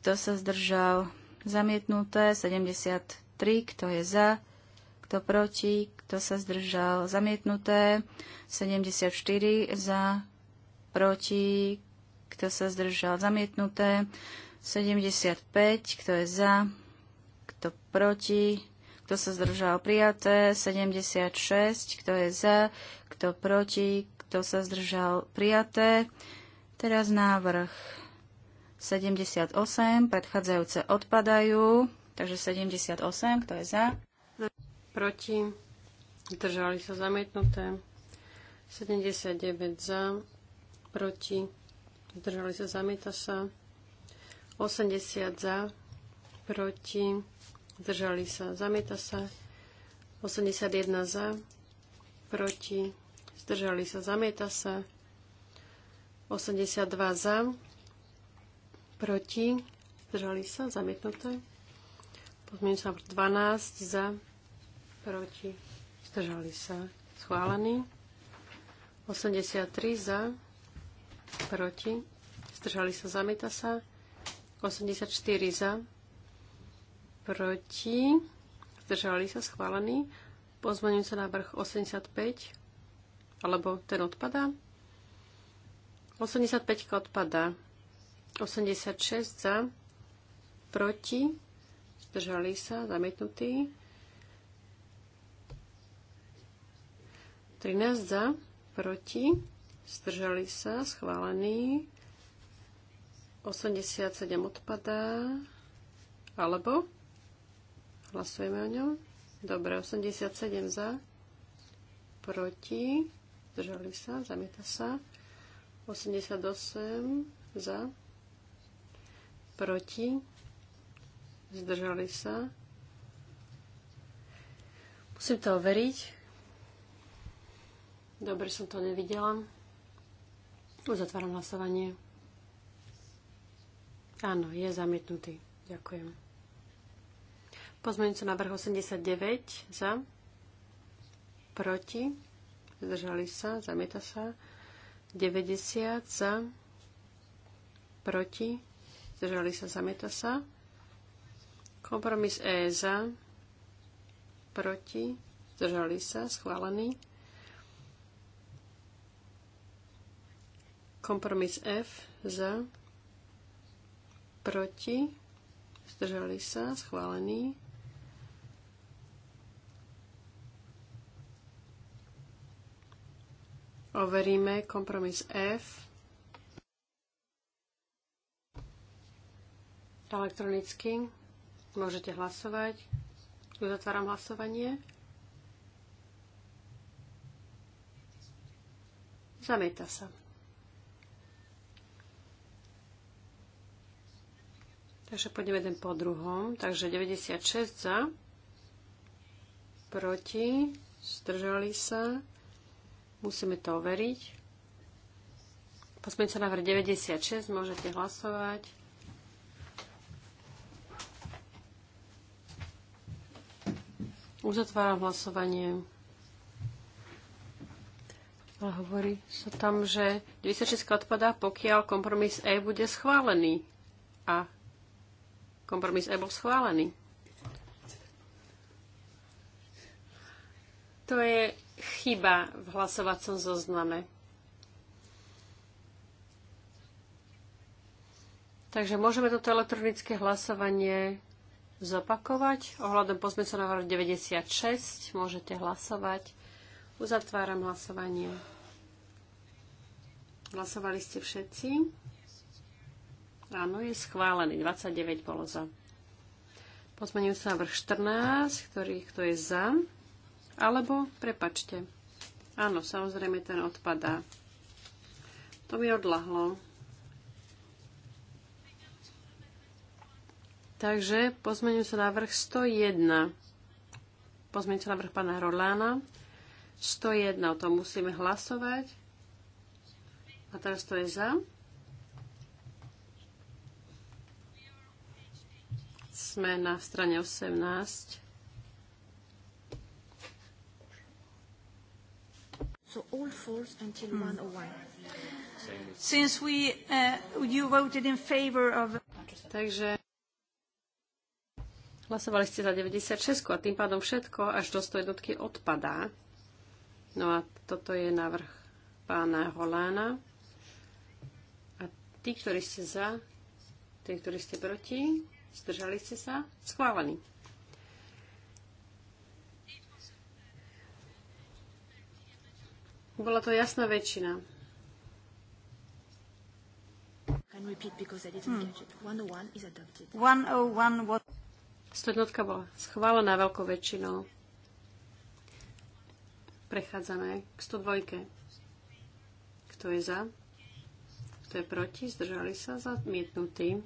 Kto sa zdržal? Zamietnuté. 73. Kto je za? Kto proti? Kto sa zdržal? Zamietnuté. 74. Za proti, kto sa zdržal zamietnuté, 75, kto je za, kto proti, kto sa zdržal prijaté, 76, kto je za, kto proti, kto sa zdržal prijaté. Teraz návrh 78, predchádzajúce odpadajú, takže 78, kto je za? Proti, zdržali sa zamietnuté, 79 za, proti, zdržali sa, zamieta sa. 80 za, proti, zdržali sa, zamieta sa. 81 za, proti, zdržali sa, zamieta sa. 82 za, proti, zdržali sa, zamietnuté. Pozmiem sa 12 za, proti, zdržali sa, schválený. 83 za, proti, zdržali sa, zamieta sa. 84 za, proti, zdržali sa, schválený. na návrh 85, alebo ten odpadá. 85 odpadá. 86 za, proti, zdržali sa, zamietnutý. 13 za, proti, zdržali sa, schválený. 87 odpadá, alebo hlasujeme o ňom. Dobre, 87 za, proti, zdržali sa, zamieta sa. 88 za, proti, zdržali sa. Musím to overiť. Dobre som to nevidela. Uzatváram hlasovanie. Áno, je zamietnutý. Ďakujem. Pozmeňujúci návrh 89 za, proti, zdržali sa, zamieta sa. 90 za, proti, zdržali sa, zamieta sa. Kompromis E za, proti, zdržali sa, schválený. Kompromis F za, proti, zdržali sa, schválený. Overíme kompromis F. Elektronicky môžete hlasovať. Uzatváram hlasovanie. Zamieta sa. Takže poďme jeden po druhom. Takže 96 za, proti, zdržali sa. Musíme to overiť. Posmeňte sa návrh 96, môžete hlasovať. Uzatváram hlasovanie. Ale hovorí sa tam, že 96 odpadá, pokiaľ kompromis E bude schválený. A Kompromis aj e bol schválený. To je chyba v hlasovacom zozname. Takže môžeme toto elektronické hlasovanie zopakovať. Ohľadom pozmeňujúceho na 96 môžete hlasovať. Uzatváram hlasovanie. Hlasovali ste všetci. Áno, je schválený. 29 bolo za. Pozmenujúci vrch 14, ktorý, kto je za. Alebo, prepačte. Áno, samozrejme ten odpadá. To mi odlahlo. Takže na vrch 101. na vrch pána Rolána. 101, o tom musíme hlasovať. A teraz to je za. Sme na strane 18. So all falls until hmm. 101. Since we, uh, you voted in favor of... Takže hlasovali ste za 96 a tým pádom všetko až do 100 jednotky odpadá. No a toto je návrh pána Holána. A tí, ktorí ste za, tí, ktorí ste proti, Zdržali ste sa? Schválený. Bola to jasná väčšina. Can repeat because I didn't hmm. catch it. 101 is adopted. 101 bola schválená veľkou väčšinou. Prechádzame k 102. Kto je za? Kto je proti? Zdržali sa? Zamietnutý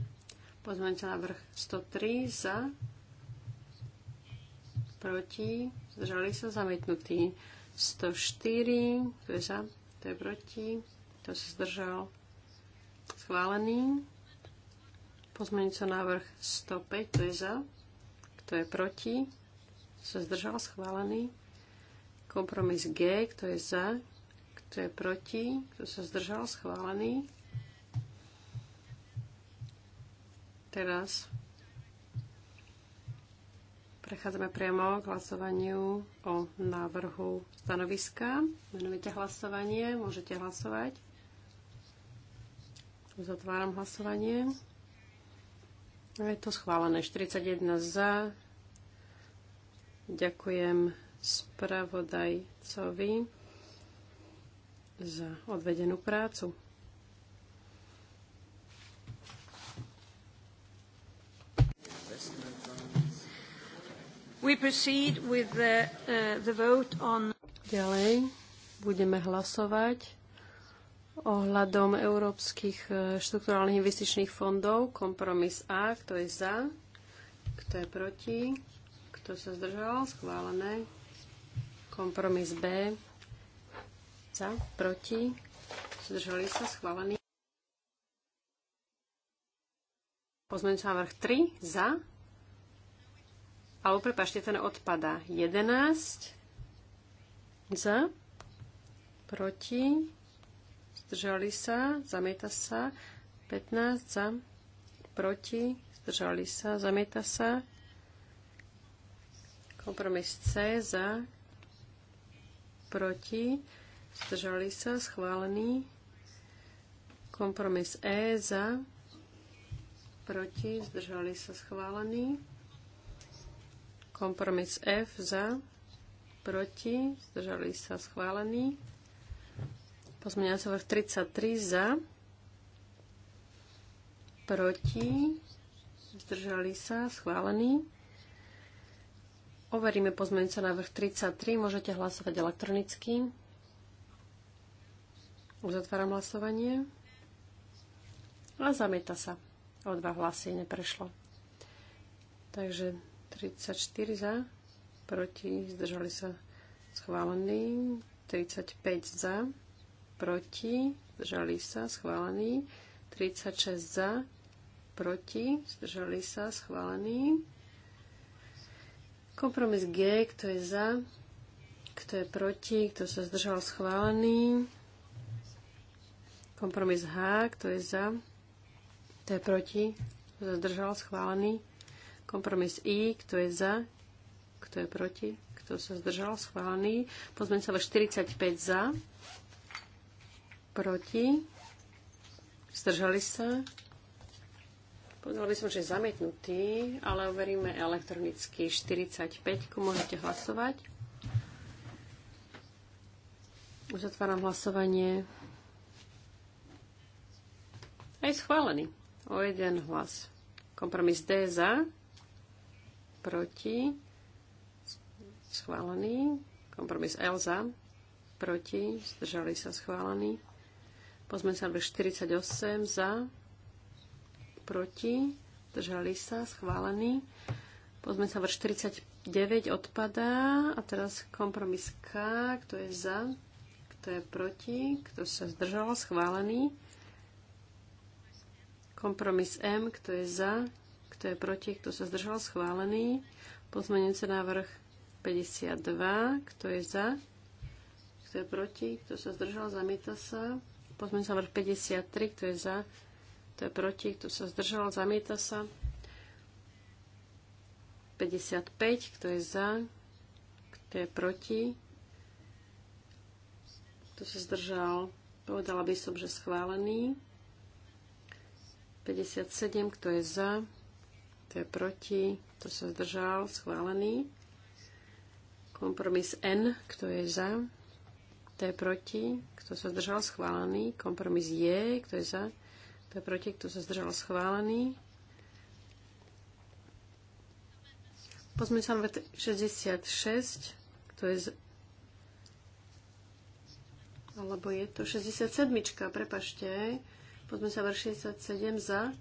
na návrh 103 za, proti, zdržali sa zamietnutí. 104, to je za, to je proti, to sa zdržal. Schválený. Pozmeňujúci návrh 105, to je za, kto je proti, sa zdržal, schválený. Kompromis G, kto je za, kto je proti, kto sa zdržal, schválený. Teraz prechádzame priamo k hlasovaniu o návrhu stanoviska. Menovite hlasovanie. Môžete hlasovať. Uzatváram hlasovanie. Je to schválené. 41 za. Ďakujem spravodajcovi za odvedenú prácu. We proceed with the, uh, the vote on... Ďalej budeme hlasovať ohľadom európskych e, štruktúrálnych investičných fondov. Kompromis A, kto je za, kto je proti, kto sa zdržal, schválené. Kompromis B, za, proti, zdržali sa, schválený. Pozmeňujúci návrh 3, za, alebo prepašte, ten odpada. 11 za, proti, zdržali sa, zamieta sa, 15 za, proti, zdržali sa, zamieta sa, kompromis C za, proti, zdržali sa, schválený, kompromis E za, proti, zdržali sa, schválený, Kompromis F za, proti, zdržali sa schválený. Pozmeňovací návrh 33 za, proti, zdržali sa schválený. Overíme pozmeňujúci návrh 33. Môžete hlasovať elektronicky. Uzatváram hlasovanie. A zamieta sa. O dva hlasy neprešlo. Takže 34 za, proti, zdržali sa schválení, 35 za, proti, zdržali sa schválení, 36 za, proti, zdržali sa schválení. Kompromis G, kto je za, kto je proti, kto sa zdržal schválený. Kompromis H, kto je za, kto je proti, kto sa zdržal schválený. Kompromis I, kto je za, kto je proti, kto sa zdržal, schválený. Pozmeň sa 45 za, proti, zdržali sa. Pozvali som, že je zamietnutý, ale overíme elektronicky 45, môžete hlasovať. Uzatváram hlasovanie. Aj schválený. O jeden hlas. Kompromis D za proti, schválený. Kompromis L za, proti, zdržali sa schválený. Pozme sa 48 za, proti, zdržali sa schválený. Pozme sa 49 odpadá a teraz kompromis K, kto je za, kto je proti, kto sa zdržal, schválený. Kompromis M, kto je za, kto je proti, kto sa zdržal, schválený. Pozmeňujúci návrh 52, kto je za, kto je proti, kto sa zdržal, zamieta sa. Pozmeňujúci návrh 53, kto je za, kto je proti, kto sa zdržal, zamieta sa. 55, kto je za, kto je proti, kto sa zdržal, povedala by som, že schválený. 57, kto je za, kto je proti? Kto sa zdržal? Schválený. Kompromis N. Kto je za? Kto je proti? Kto sa zdržal? Schválený. Kompromis J. Kto je za? Kto je proti? Kto sa zdržal? Schválený. Pozme sa 66. Kto je za? Alebo je to 67. Prepašte. Pozme sa 67 za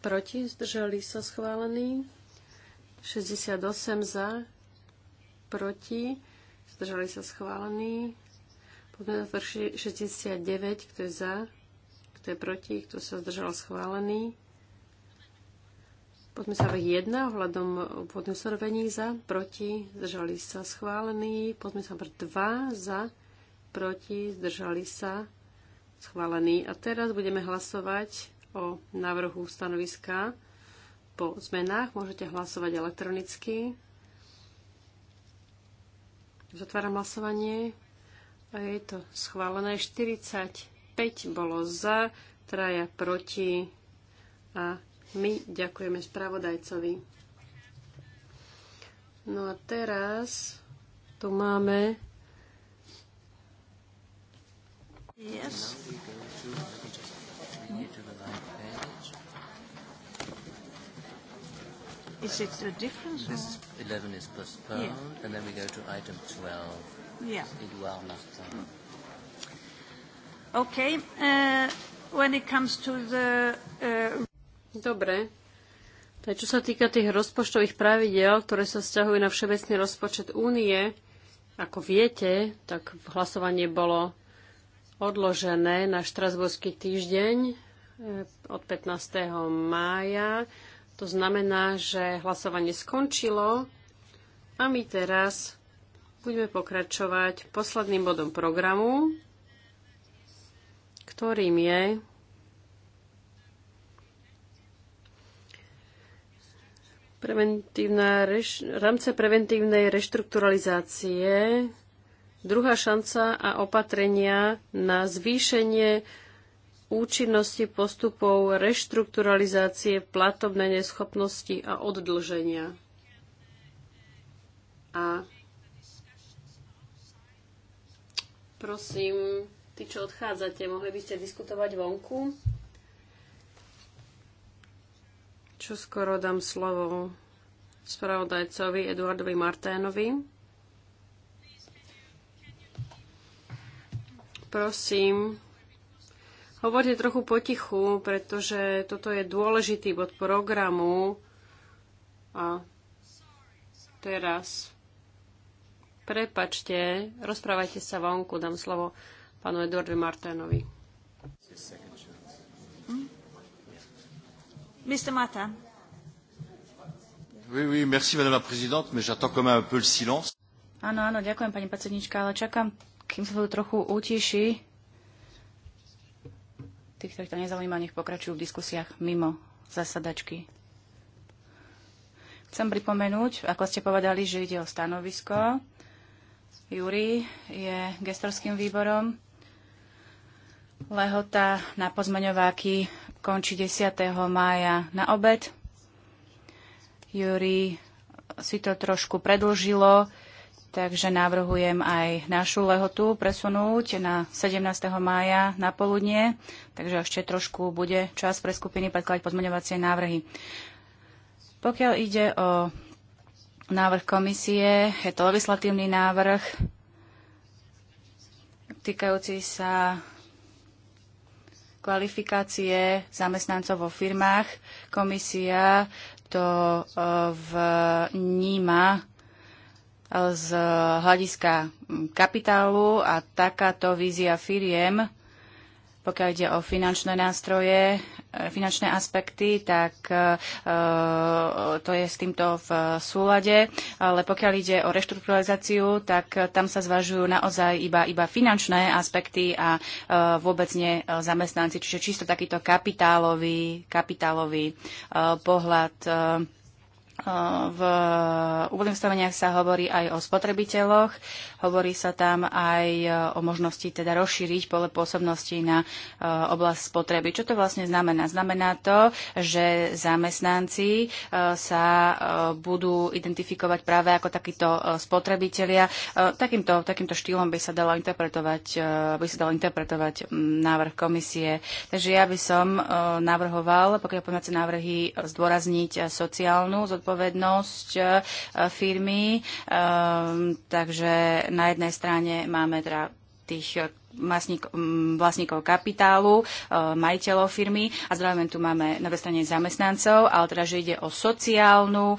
proti, zdržali sa schválení. 68 za, proti, zdržali sa schválení. na 69, kto je za, kto je proti, kto sa zdržal schválený. Podmyslávek 1 ohľadom pôvodných ustanovení za, proti, zdržali sa schválení. Podmyslávek 2 za, proti, zdržali sa schválený. A teraz budeme hlasovať o návrhu stanoviska po zmenách. Môžete hlasovať elektronicky. Zatváram hlasovanie. A je to schválené. 45 bolo za, traja proti. A my ďakujeme spravodajcovi. No a teraz tu máme Yes. Is it a difference? This or? 11 is postponed, yeah. and then we go to item 12. Yeah. Edouard Martin. Hmm. Okay. Uh, when it comes to the... Uh... Dobre. Tak čo sa týka tých rozpočtových pravidel, ktoré sa vzťahujú na všeobecný rozpočet únie, ako viete, tak hlasovanie bolo odložené na štrasburský týždeň eh, od 15. mája to znamená, že hlasovanie skončilo a my teraz budeme pokračovať posledným bodom programu, ktorým je preventívna reš- rámce preventívnej reštrukturalizácie, druhá šanca a opatrenia na zvýšenie účinnosti postupov reštrukturalizácie platobnej neschopnosti a oddlženia. A prosím, tí, čo odchádzate, mohli by ste diskutovať vonku? Čo skoro dám slovo spravodajcovi Eduardovi Marténovi. Prosím, Hovorte trochu potichu, pretože toto je dôležitý bod programu. A teraz. Prepačte, rozprávajte sa vonku, dám slovo pánu Eduardu Martinovi. Hm? Mr. Martin. Oui, oui, merci, madame la présidente, mais j'attends quand même un peu le silence. Áno, áno, ďakujem, pani predsednička, ale čakám, kým sa to trochu utiší. Tých, ktorých to nezaujíma, nech pokračujú v diskusiách mimo zasadačky. Chcem pripomenúť, ako ste povedali, že ide o stanovisko. Júri je gestorským výborom. Lehota na pozmeňováky končí 10. mája na obed. Júri si to trošku predlžilo takže navrhujem aj našu lehotu presunúť na 17. mája na poludnie, takže ešte trošku bude čas pre skupiny predkladať pozmeňovacie návrhy. Pokiaľ ide o návrh komisie, je to legislatívny návrh týkajúci sa kvalifikácie zamestnancov vo firmách. Komisia to eh, vníma z hľadiska mm, kapitálu a takáto vízia firiem, pokiaľ ide o finančné nástroje, e, finančné aspekty, tak e, e, to je s týmto v súlade. Ale pokiaľ ide o reštrukturalizáciu, tak tam sa zvažujú naozaj iba, iba finančné aspekty a vôbec nie zamestnanci. Čiže čisto takýto kapitálový, kapitálový pohľad v úvodných staveniach sa hovorí aj o spotrebiteľoch, hovorí sa tam aj e, o možnosti teda rozšíriť pole pôsobnosti na e, oblasť spotreby. Čo to vlastne znamená? Znamená to, že zamestnanci e, sa budú identifikovať práve ako takíto spotrebitelia. Takýmto, takýmto štýlom by sa dalo interpretovať, by sa dalo interpretovať návrh komisie. Takže ja by som navrhoval, pokiaľ poďme návrhy, zdôrazniť sociálnu zodpovednosť zodpovednosť e, firmy. E, takže na jednej strane máme teda tých vlastníkov kapitálu, e, majiteľov firmy a zároveň tu máme na strane zamestnancov, ale teda, že ide o sociálnu e,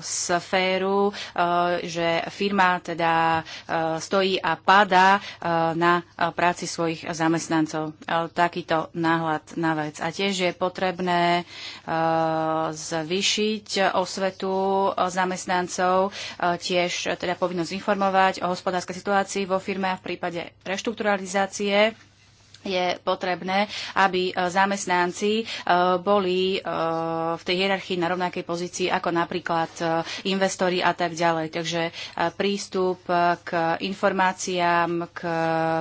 sféru, e, že firma teda stojí a padá na práci svojich zamestnancov. Takýto náhľad na vec. A tiež je potrebné zvyšiť osvetu zamestnancov, tiež teda povinnosť informovať o hospodárskej situácii vo firme a v prípade reštrukturalizácie liberalizácie je potrebné, aby e, zamestnanci e, boli e, v tej hierarchii na rovnakej pozícii ako napríklad investori a tak ďalej. Takže prístup k informáciám, k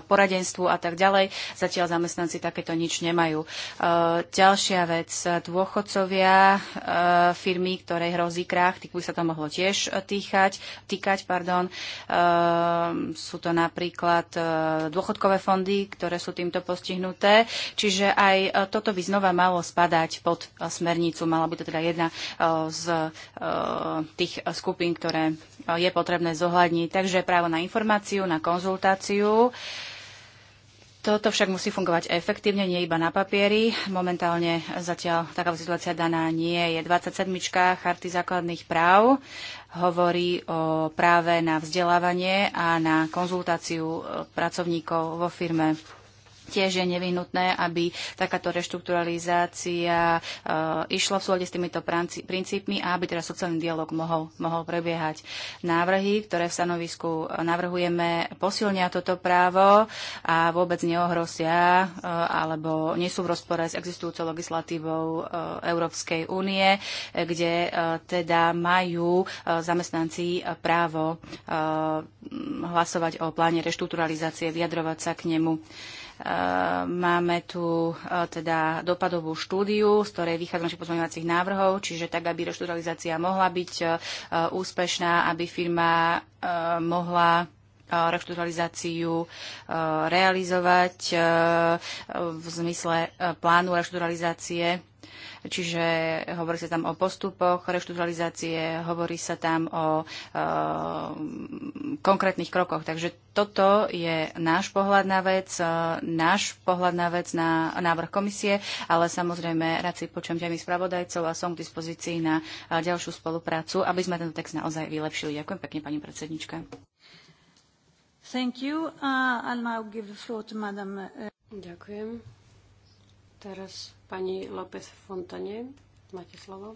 poradenstvu a tak ďalej. Zatiaľ zamestnanci takéto nič nemajú. Ďalšia vec, dôchodcovia firmy, ktorej hrozí krach, tých by sa to mohlo tiež týchať, týkať, pardon. Sú to napríklad dôchodkové fondy, ktoré sú týmto poz- postihnuté, čiže aj e, toto by znova malo spadať pod e, smernicu. Mala by to teda jedna e, z tých skupín, ktoré je potrebné zohľadniť. Takže právo na informáciu, na konzultáciu. Toto však musí fungovať efektívne, nie iba na papieri. Momentálne zatiaľ taká situácia daná nie je. 27. Charty základných práv hovorí o práve na vzdelávanie a na konzultáciu pracovníkov vo firme. Tiež je nevyhnutné, aby takáto reštrukturalizácia e, išla v súlade s týmito princípmi a aby teda sociálny dialog mohol, mohol prebiehať. Návrhy, ktoré v stanovisku eh, navrhujeme, posilnia toto právo a vôbec neohrosia e, alebo nie sú v rozpore s existujúcou legislatívou e, Európskej únie, kde e, teda majú e, zamestnanci právo e, hlasovať o pláne reštrukturalizácie, vyjadrovať sa k nemu. Ehm, máme tu e, teda dopadovú štúdiu, z ktorej vychádza našich pozmeňovacích návrhov, čiže tak, aby reštrukturalizácia mohla byť e, úspešná, aby firma e, mohla reštrukturalizáciu realizovať v zmysle plánu reštrukturalizácie Čiže hovorí sa tam o postupoch reštrukturalizácie, hovorí sa tam o e, konkrétnych krokoch. Takže toto je náš pohľad na vec, e, náš pohľad na vec na návrh komisie, ale samozrejme rád si počujem aj spravodajcov a som k dispozícii na e, ďalšiu spoluprácu, aby sme tento text naozaj vylepšili. Ďakujem pekne, pani predsednička. Thank you. Uh, I'll now give the floor to Madam. Uh, Ďakujem. Teraz pani López Fontane, máte slovo.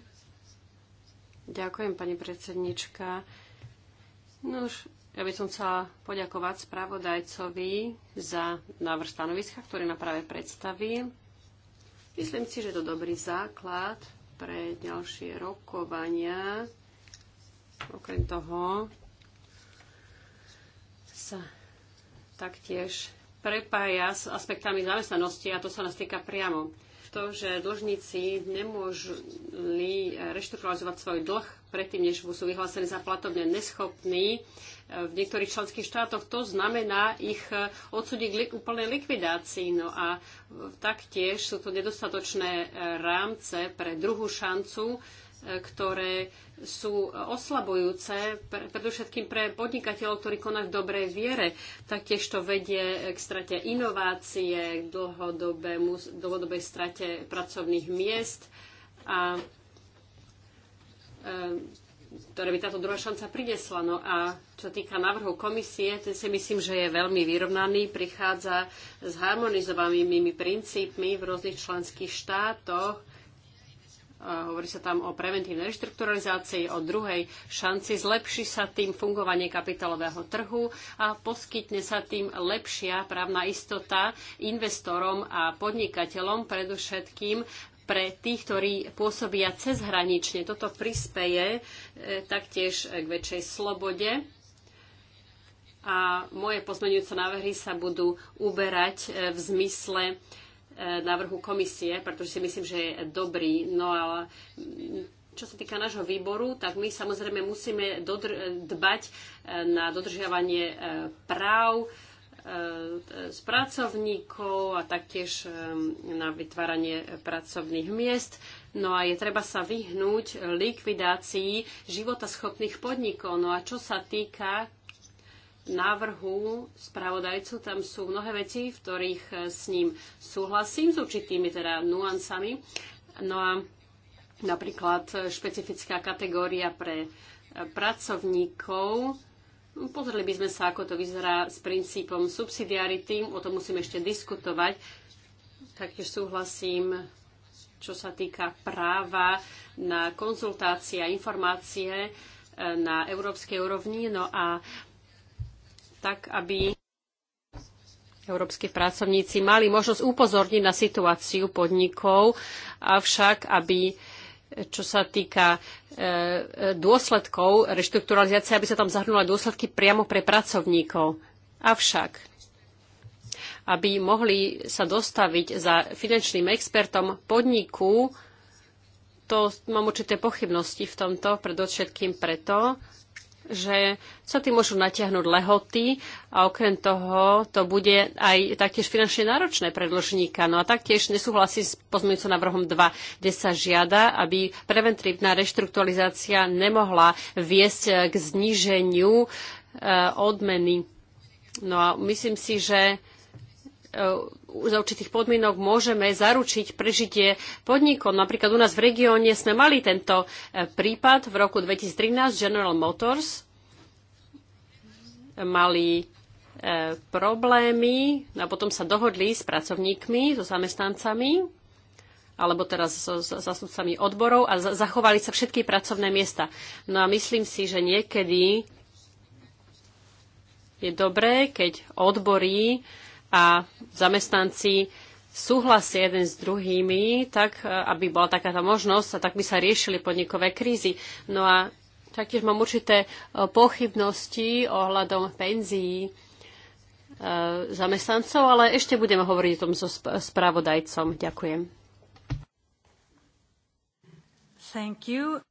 Ďakujem, pani predsednička. No už ja by som chcela poďakovať spravodajcovi za návrh stanoviska, ktorý na práve predstavil. Myslím si, že to dobrý základ pre ďalšie rokovania. Okrem toho sa taktiež prepája s aspektami zamestnanosti a to sa nás týka priamo. To, že dlžníci nemôžli reštrukturalizovať svoj dlh predtým, než sú vyhlásení za platobne neschopní e, v niektorých členských štátoch, to znamená ich e, odsúdiť k úplnej likvidácii. No a e, taktiež sú to nedostatočné rámce pre druhú šancu E, ktoré sú oslabujúce, predovšetkým pre podnikateľov, ktorí konajú v dobrej viere. Taktiež to vedie k strate inovácie, k dlhodobej strate pracovných miest a e, ktoré by táto druhá šanca prinesla. No a čo týka návrhu komisie, ten si myslím, že je veľmi vyrovnaný, prichádza s harmonizovanými princípmi v rôznych členských štátoch Hovorí sa tam o preventívnej reštrukturalizácii, o druhej šanci, zlepší sa tým fungovanie kapitálového trhu a poskytne sa tým lepšia právna istota investorom a podnikateľom, predovšetkým pre tých, ktorí pôsobia cezhranične. Toto prispeje e, taktiež k väčšej slobode a moje pozmeňujúce návrhy sa budú uberať e, v zmysle Eh, návrhu komisie, pretože si myslím, že je dobrý. No a čo sa týka nášho výboru, tak my samozrejme musíme dbať eh, na dodržiavanie eh, práv z pracovníkov a taktiež na vytváranie pracovných miest. No a je treba sa vyhnúť likvidácii schopných podnikov. No a čo sa týka návrhu spravodajcu tam sú mnohé veci, v ktorých eh, s ním súhlasím, s určitými teda nuancami. No a napríklad eh, špecifická kategória pre eh, pracovníkov. Pozreli by sme sa, ako to vyzerá s princípom subsidiarity, o tom musíme ešte diskutovať. Taktiež súhlasím, čo sa týka práva na konzultácie a informácie na európskej úrovni. No a tak aby európsky pracovníci mali možnosť upozorniť na situáciu podnikov, avšak aby čo sa týka e, dôsledkov reštrukturalizácie, aby sa tam zahrnula dôsledky priamo pre pracovníkov. Avšak, aby mohli sa dostaviť za finančným expertom podniku, to mám určité pochybnosti v tomto, predovšetkým preto, že sa tým môžu natiahnuť lehoty a okrem toho to bude aj taktiež finančne náročné pre dlžníka. No a taktiež nesúhlasí s pozmeňujúcim návrhom 2, kde sa žiada, aby preventívna reštrukturalizácia nemohla viesť k zníženiu e, odmeny. No a myslím si, že e, za určitých podmienok môžeme zaručiť prežitie podnikov. Napríklad u nás v regióne sme mali tento e, prípad v roku 2013 General Motors mali e, problémy a potom sa dohodli s pracovníkmi, so zamestnancami alebo teraz so zastupcami so, so odborov a za, zachovali sa všetky pracovné miesta. No a myslím si, že niekedy je dobré, keď odbory a zamestnanci súhlasia jeden s druhými, tak e, aby bola takáto možnosť a tak by sa riešili podnikové krízy. No a taktiež mám určité e, pochybnosti ohľadom penzií e, zamestnancov, ale ešte budeme hovoriť o tom so spravodajcom. Ďakujem. Thank you.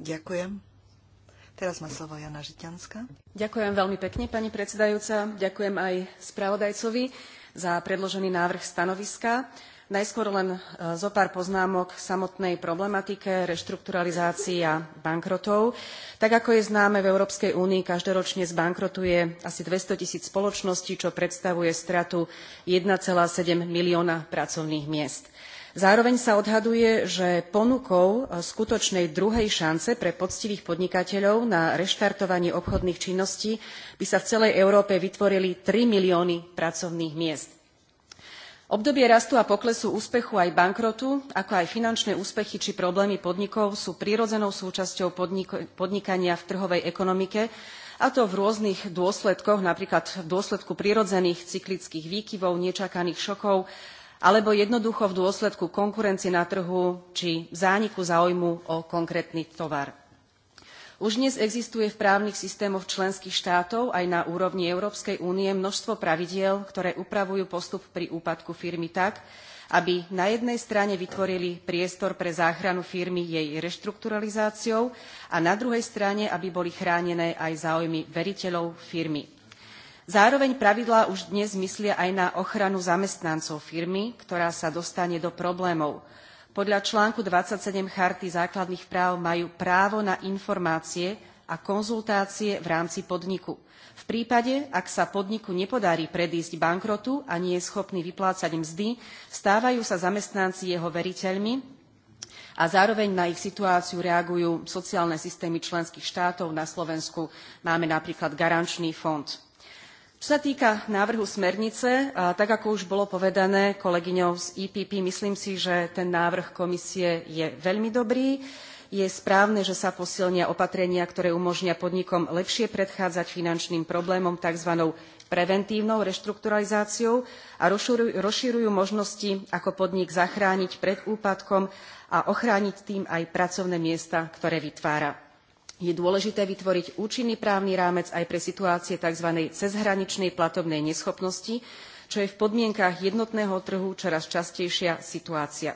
Ďakujem. Teraz má slovo Jana Žiťanská. Ďakujem veľmi pekne, pani predsedajúca. Ďakujem aj spravodajcovi za predložený návrh stanoviska. Najskôr len e, zo pár poznámok k samotnej problematike reštrukturalizácií a bankrotov. Tak ako je známe, v Európskej únii každoročne zbankrotuje asi 200 tisíc spoločností, čo predstavuje stratu 1,7 milióna pracovných miest zároveň sa odhaduje že ponukou e, skutočnej druhej šance pre poctivých podnikateľov na reštartovanie obchodných činností by sa v celej európe vytvorili three milióny pracovných miest. obdobie rastu a poklesu úspechu aj bankrotu ako aj finančné úspechy či problémy podnikov sú prirodzenou súčasťou podnikania v trhovej ekonomike a to v rôznych dôsledkoch napríklad v dôsledku prirodzených cyklických výkyvov nečakaných šokov alebo jednoducho v dôsledku konkurencie na trhu či zániku záujmu o konkrétny tovar. Už dnes existuje v právnych systémoch členských štátov aj na úrovni Európskej únie množstvo pravidiel, ktoré upravujú postup pri úpadku firmy tak, aby na jednej strane vytvorili priestor pre záchranu firmy jej reštrukturalizáciou a na druhej strane, aby boli chránené aj záujmy veriteľov firmy. Zároveň pravidlá už dnes myslia aj na ochranu zamestnancov firmy, ktorá sa dostane do problémov. Podľa článku 27 Charty základných práv majú právo na informácie a konzultácie v rámci podniku. V prípade, ak sa podniku nepodarí predísť bankrotu a nie je schopný vyplácať mzdy, stávajú sa zamestnanci jeho veriteľmi a zároveň na ich situáciu reagujú sociálne systémy členských štátov. Na Slovensku máme napríklad garančný fond. Čo sa týka návrhu smernice, tak ako už bolo povedané kolegyňou z EPP, myslím si, že ten návrh komisie je veľmi dobrý. Je správne, že sa posilnia opatrenia, ktoré umožnia podnikom lepšie predchádzať finančným problémom tzv preventívnou reštrukturalizáciou a rozširujú možnosti, ako podnik zachrániť pred úpadkom a ochrániť tým aj pracovné miesta, ktoré vytvára je dôležité vytvoriť účinný právny rámec aj pre situácie tzv. cezhraničnej platobnej neschopnosti, čo je v podmienkach jednotného trhu čoraz častejšia situácia.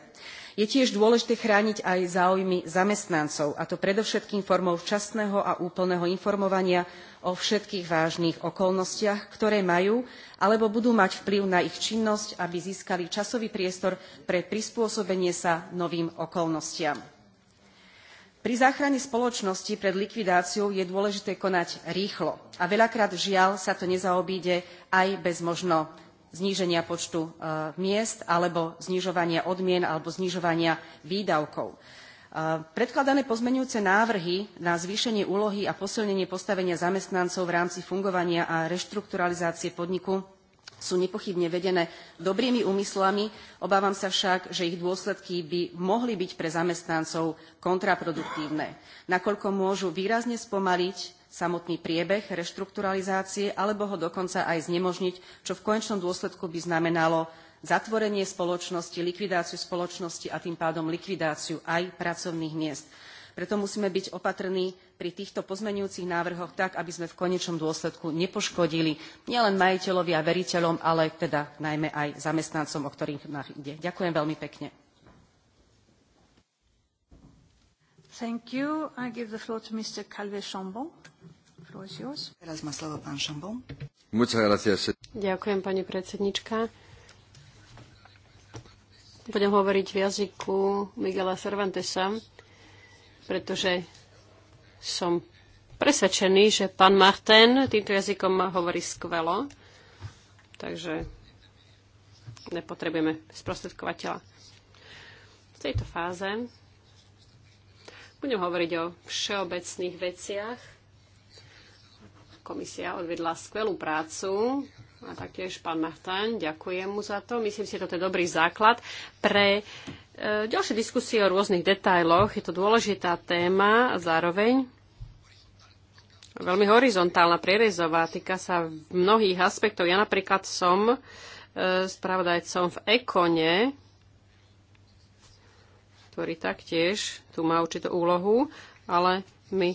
Je tiež dôležité chrániť aj záujmy zamestnancov, a to predovšetkým formou včasného a úplného informovania o všetkých vážnych okolnostiach, ktoré majú alebo budú mať vplyv na ich činnosť, aby získali časový priestor pre prispôsobenie sa novým okolnostiam pri záchrane spoločnosti pred likvidáciou je dôležité konať rýchlo a veľakrát žiaľ sa to nezaobíde aj bez možno zníženia počtu e, miest alebo znižovania odmien alebo znižovania výdavkov. E, predkladané pozmeňujúce návrhy na zvýšenie úlohy a posilnenie postavenia zamestnancov v rámci fungovania a reštrukturalizácie podniku sú nepochybne vedené dobrými úmyslami, obávam sa však, že ich dôsledky by mohli byť pre zamestnancov kontraproduktívne, nakoľko môžu výrazne spomaliť samotný priebeh reštrukturalizácie alebo ho dokonca aj znemožniť, čo v konečnom dôsledku by znamenalo zatvorenie spoločnosti, likvidáciu spoločnosti a tým pádom likvidáciu aj pracovných miest. Preto musíme byť opatrní pri týchto pozmenujúcich návrhoch tak, aby sme v konečnom dôsledku nepoškodili nielen majiteľovi a veriteľom, ale teda najmä aj zamestnancom, o ktorých nám ide. Ďakujem veľmi pekne. Thank you. I give the floor to Mr. Calvé Chambon. Teraz má slovo pán Chambon. Ďakujem, pani predsednička. Budem hovoriť v jazyku Miguela Cervantesa, pretože som presvedčený, že pán Martin týmto jazykom hovorí skvelo, takže nepotrebujeme sprostredkovateľa. V tejto fáze budem hovoriť o všeobecných veciach. Komisia odvedla skvelú prácu a taktiež pán Martin, ďakujem mu za to. Myslím si, že toto je dobrý základ pre E, ďalšie diskusie o rôznych detailoch. Je to dôležitá téma a zároveň veľmi horizontálna, prierezová. Týka sa mnohých aspektov. Ja napríklad som e, spravodajcom v Ekone, ktorý taktiež tu má určitú úlohu, ale my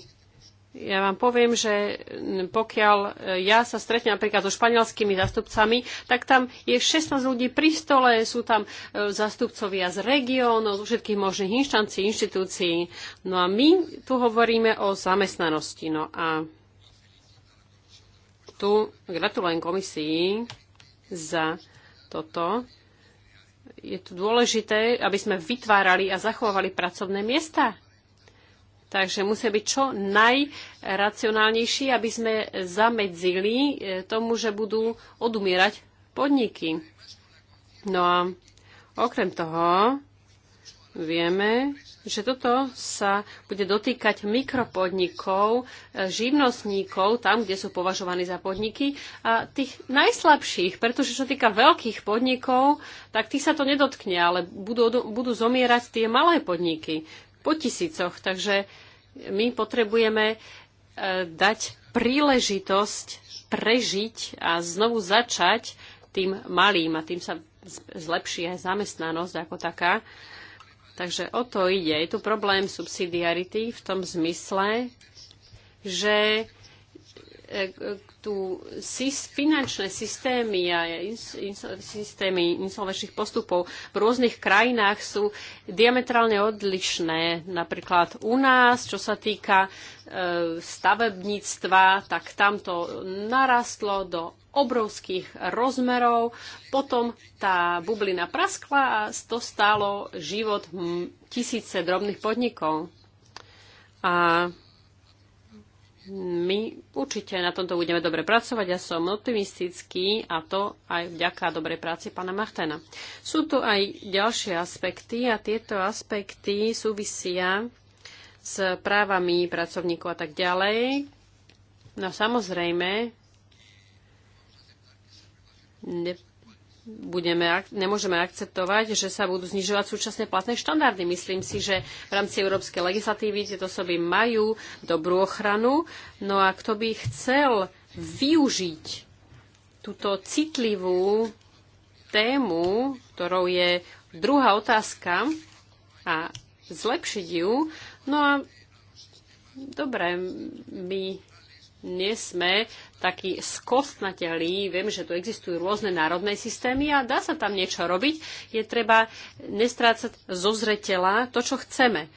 ja vám poviem, že pokiaľ e, ja sa stretnem napríklad so španielskými zastupcami, tak tam je 16 ľudí pri stole, sú tam e, zastupcovia z regiónov, zo všetkých možných inštancií, inštitúcií. No a my tu hovoríme o zamestnanosti. No a tu gratulujem komisii za toto. Je tu dôležité, aby sme vytvárali a zachovali pracovné miesta Takže musia byť čo najracionálnejší, aby sme zamedzili e, tomu, že budú odumierať podniky. No a okrem toho vieme, že toto sa bude dotýkať mikropodnikov, e, živnostníkov, tam, kde sú považovaní za podniky, a tých najslabších, pretože čo týka veľkých podnikov, tak tých sa to nedotkne, ale budú, budú zomierať tie malé podniky po tisícoch. Takže my potrebujeme e, dať príležitosť prežiť a znovu začať tým malým a tým sa zlepší aj zamestnanosť ako taká. Takže o to ide. Je tu problém subsidiarity v tom zmysle, že e, tu finančné systémy a systémy insolvenčných postupov v rôznych krajinách sú diametrálne odlišné. Napríklad u nás, čo sa týka e, stavebníctva, tak tam to narastlo do obrovských rozmerov. Potom tá bublina praskla a to stálo život tisíce drobných podnikov. A my určite na tomto budeme dobre pracovať. Ja som optimistický a to aj vďaka dobrej práci pána Martena. Sú tu aj ďalšie aspekty a tieto aspekty súvisia s právami pracovníkov a tak ďalej. No samozrejme, budeme, nemôžeme akceptovať, že sa budú znižovať súčasné platné štandardy. Myslím si, že v rámci európskej legislatívy tieto osoby majú dobrú ochranu. No a kto by chcel využiť túto citlivú tému, ktorou je druhá otázka a zlepšiť ju, no a dobre, my nie sme takí skostnatelí. Viem, že tu existujú rôzne národné systémy a dá sa tam niečo robiť. Je treba nestrácať zo zretela to, čo chceme,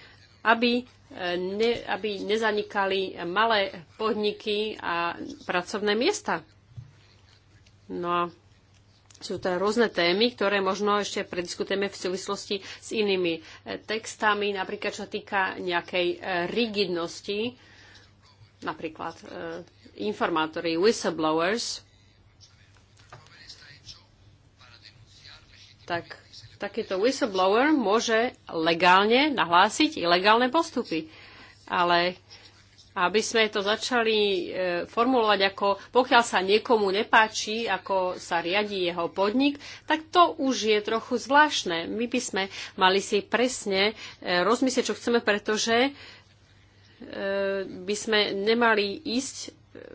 aby, e, ne, aby nezanikali malé podniky a pracovné miesta. No a sú to rôzne témy, ktoré možno ešte prediskutujeme v súvislosti s inými e, textami, napríklad čo týka nejakej e, rigidnosti napríklad e, informátori, whistleblowers, tak takýto whistleblower môže legálne nahlásiť ilegálne postupy. Ale aby sme to začali e, formulovať ako pokiaľ sa niekomu nepáči, ako sa riadi jeho podnik, tak to už je trochu zvláštne. My by sme mali si presne e, rozmyslieť, čo chceme, pretože E, by sme nemali ísť e,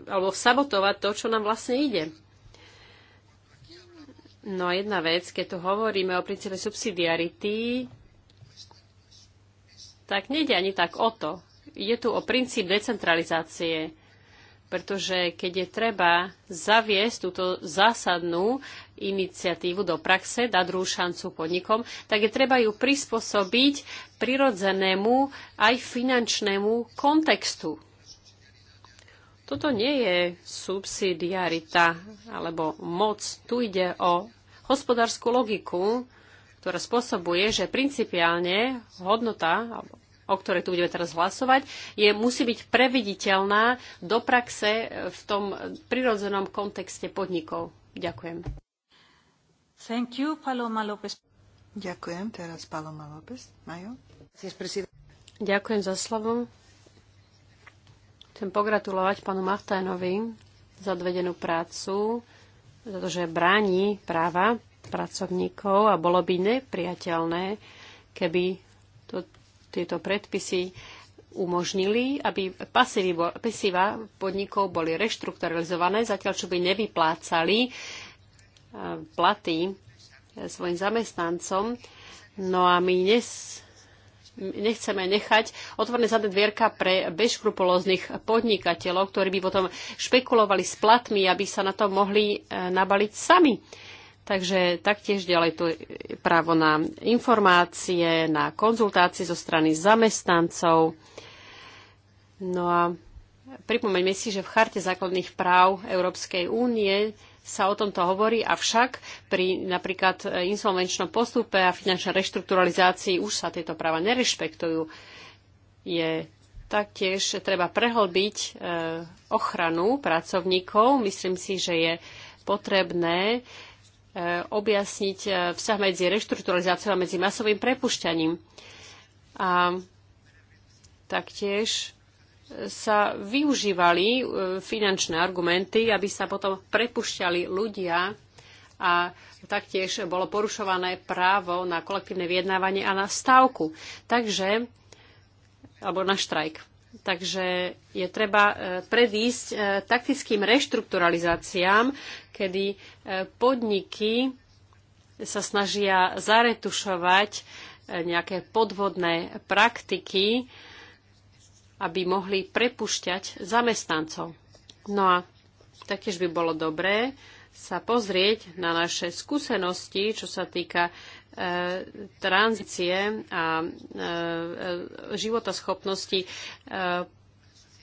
alebo sabotovať to, čo nám vlastne ide. No a jedna vec, keď tu hovoríme o princípe subsidiarity, tak nejde ani tak o to. Ide tu o princíp decentralizácie pretože keď je treba zaviesť túto zásadnú iniciatívu do praxe, dať druhú šancu podnikom, tak je treba ju prispôsobiť prirodzenému aj finančnému kontextu. Toto nie je subsidiarita alebo moc. Tu ide o hospodárskú logiku, ktorá spôsobuje, že principiálne hodnota alebo o ktorej tu budeme teraz hlasovať, je, musí byť previditeľná do praxe v tom prirodzenom kontexte podnikov. Ďakujem. Thank you, Paloma López. Ďakujem. Teraz Paloma López. Majo. Ďakujem za slovo. Chcem pogratulovať panu Machtajnovi za odvedenú prácu, za to, že bráni práva pracovníkov a bolo by nepriateľné, keby to tieto predpisy umožnili, aby pasíva podnikov boli reštrukturalizované, zatiaľ čo by nevyplácali eh, platy eh, svojim zamestnancom. No a my dnes nechceme nechať otvorené zadné dvierka pre bezškrupulóznych podnikateľov, ktorí by potom špekulovali s platmi, aby sa na to mohli eh, nabaliť sami. Takže taktiež ďalej tu je právo na informácie, na konzultácie zo strany zamestnancov. No a pripomeňme si, že v Charte základných práv Európskej únie sa o tomto hovorí, avšak pri napríklad e, insolvenčnom postupe a finančnej reštrukturalizácii už sa tieto práva nerešpektujú. Je taktiež treba prehlbiť e, ochranu pracovníkov. Myslím si, že je potrebné E, objasniť e, vzťah medzi reštrukturalizáciou a medzi masovým prepušťaním. A taktiež sa využívali e, finančné argumenty, aby sa potom prepušťali ľudia a taktiež bolo porušované právo na kolektívne vyjednávanie a na stávku. Takže, alebo na štrajk. Takže je treba e, predísť e, taktickým reštrukturalizáciám, kedy e, podniky sa snažia zaretušovať nejaké podvodné praktiky, aby mohli prepušťať zamestnancov. No a taktiež by bolo dobré, sa pozrieť na naše skúsenosti, čo sa týka e, tranzície a e, e schopnosti e,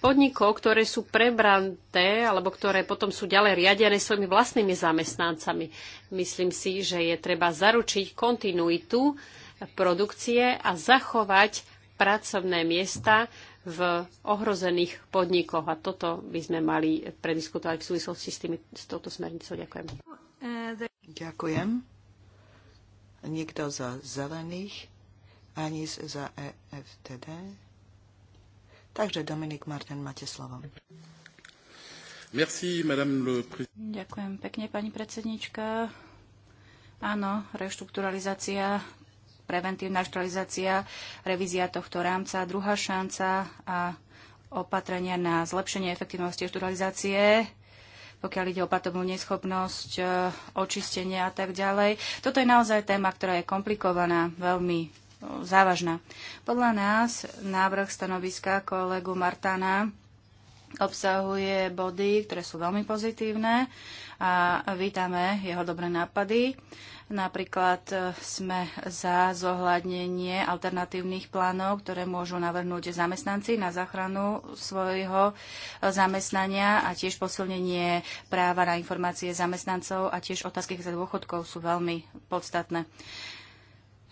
podnikov, ktoré sú prebranté alebo ktoré potom sú ďalej riadené svojimi vlastnými zamestnancami. Myslím si, že je treba zaručiť kontinuitu produkcie a zachovať pracovné miesta v ohrozených podnikoch. A toto by sme mali prediskutovať v súvislosti s, tými, s touto smernicou. Ďakujem. Ďakujem. Nikto za zelených, ani za EFTD. Takže Dominik Martin, máte slovo. Merci, madame le Ďakujem pekne, pani predsednička. Áno, reštrukturalizácia preventívna štralizácia, revízia tohto rámca, druhá šanca a opatrenia na zlepšenie efektivnosti štralizácie pokiaľ ide o platobnú neschopnosť, e, očistenie a tak ďalej. Toto je naozaj téma, ktorá je komplikovaná, veľmi e, závažná. Podľa nás návrh stanoviska kolegu Martana obsahuje body, ktoré sú veľmi pozitívne a vítame jeho dobré nápady. Napríklad e, sme za zohľadnenie alternatívnych plánov, ktoré môžu navrhnúť zamestnanci na záchranu svojho e, zamestnania a tiež posilnenie práva na informácie zamestnancov a tiež otázky za dôchodkov sú veľmi podstatné.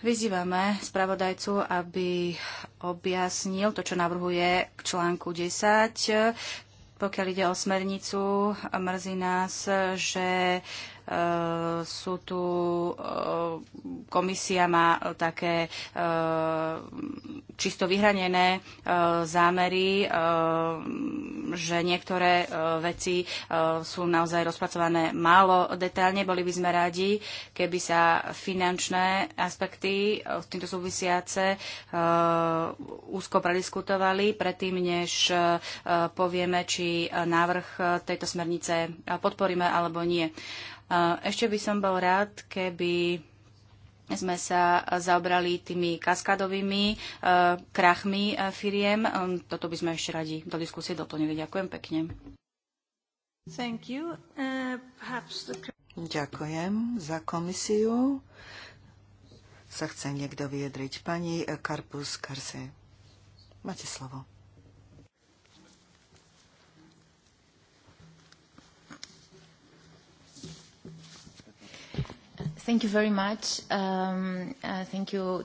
Vyzývame spravodajcu, aby objasnil to, čo navrhuje k článku 10. Pokiaľ ide o smernicu, mrzí nás, že Eh, sú tu, eh, komisia má také eh, čisto vyhranené zámery, že niektoré veci sú naozaj rozpracované málo detailne. Boli by sme radi, keby sa finančné aspekty s týmto súvisiace úzko prediskutovali predtým, než povieme, či návrh tejto smernice podporíme alebo nie. Ešte by som bol rád, keby sme sa zaobrali tými kaskadovými e, krachmi e, firiem. Um, toto by sme ešte radi do diskusie doplnili. Ďakujem pekne. Thank you. Uh, the... Ďakujem za komisiu. Sa chce niekto vyjadriť. Pani Karpus Karse, máte slovo. Um, uh,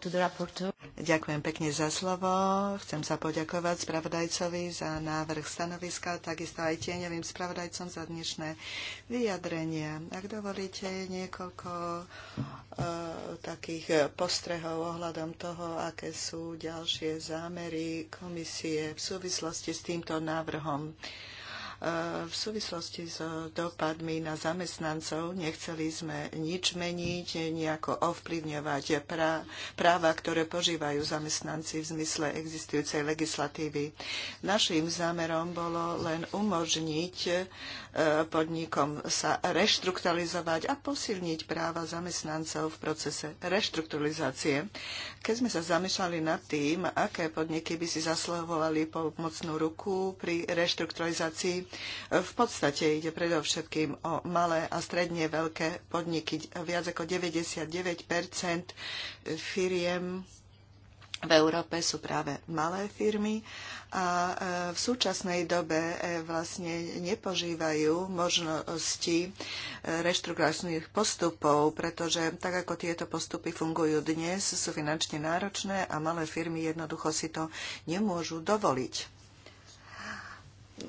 Ďakujem pekne za slovo. Chcem sa poďakovať spravodajcovi za návrh stanoviska, takisto aj tieňovým spravodajcom za dnešné vyjadrenie. Ak dovolíte niekoľko uh, takých postrehov ohľadom toho, aké sú ďalšie zámery komisie v súvislosti s týmto návrhom. Uh, v súvislosti s dopadmi na zamestnancov nechceli sme nič meniť, nejako ovplyvňovať práva, ktoré požívajú zamestnanci v zmysle existujúcej legislatívy. Naším zámerom bolo len umožniť e, podnikom sa reštrukturalizovať a posilniť práva zamestnancov v procese reštrukturalizácie. Keď sme sa zamýšľali nad tým, aké podniky by si zaslovovali pomocnú ruku pri reštrukturalizácii, v podstate ide predovšetkým o malé a stredne veľké podniky. Viac ako 99 firiem v Európe sú práve malé firmy a e, v súčasnej dobe e, vlastne nepožívajú možnosti e, reštrukturačných postupov, pretože tak ako tieto postupy fungujú dnes, sú finančne náročné a malé firmy jednoducho si to nemôžu dovoliť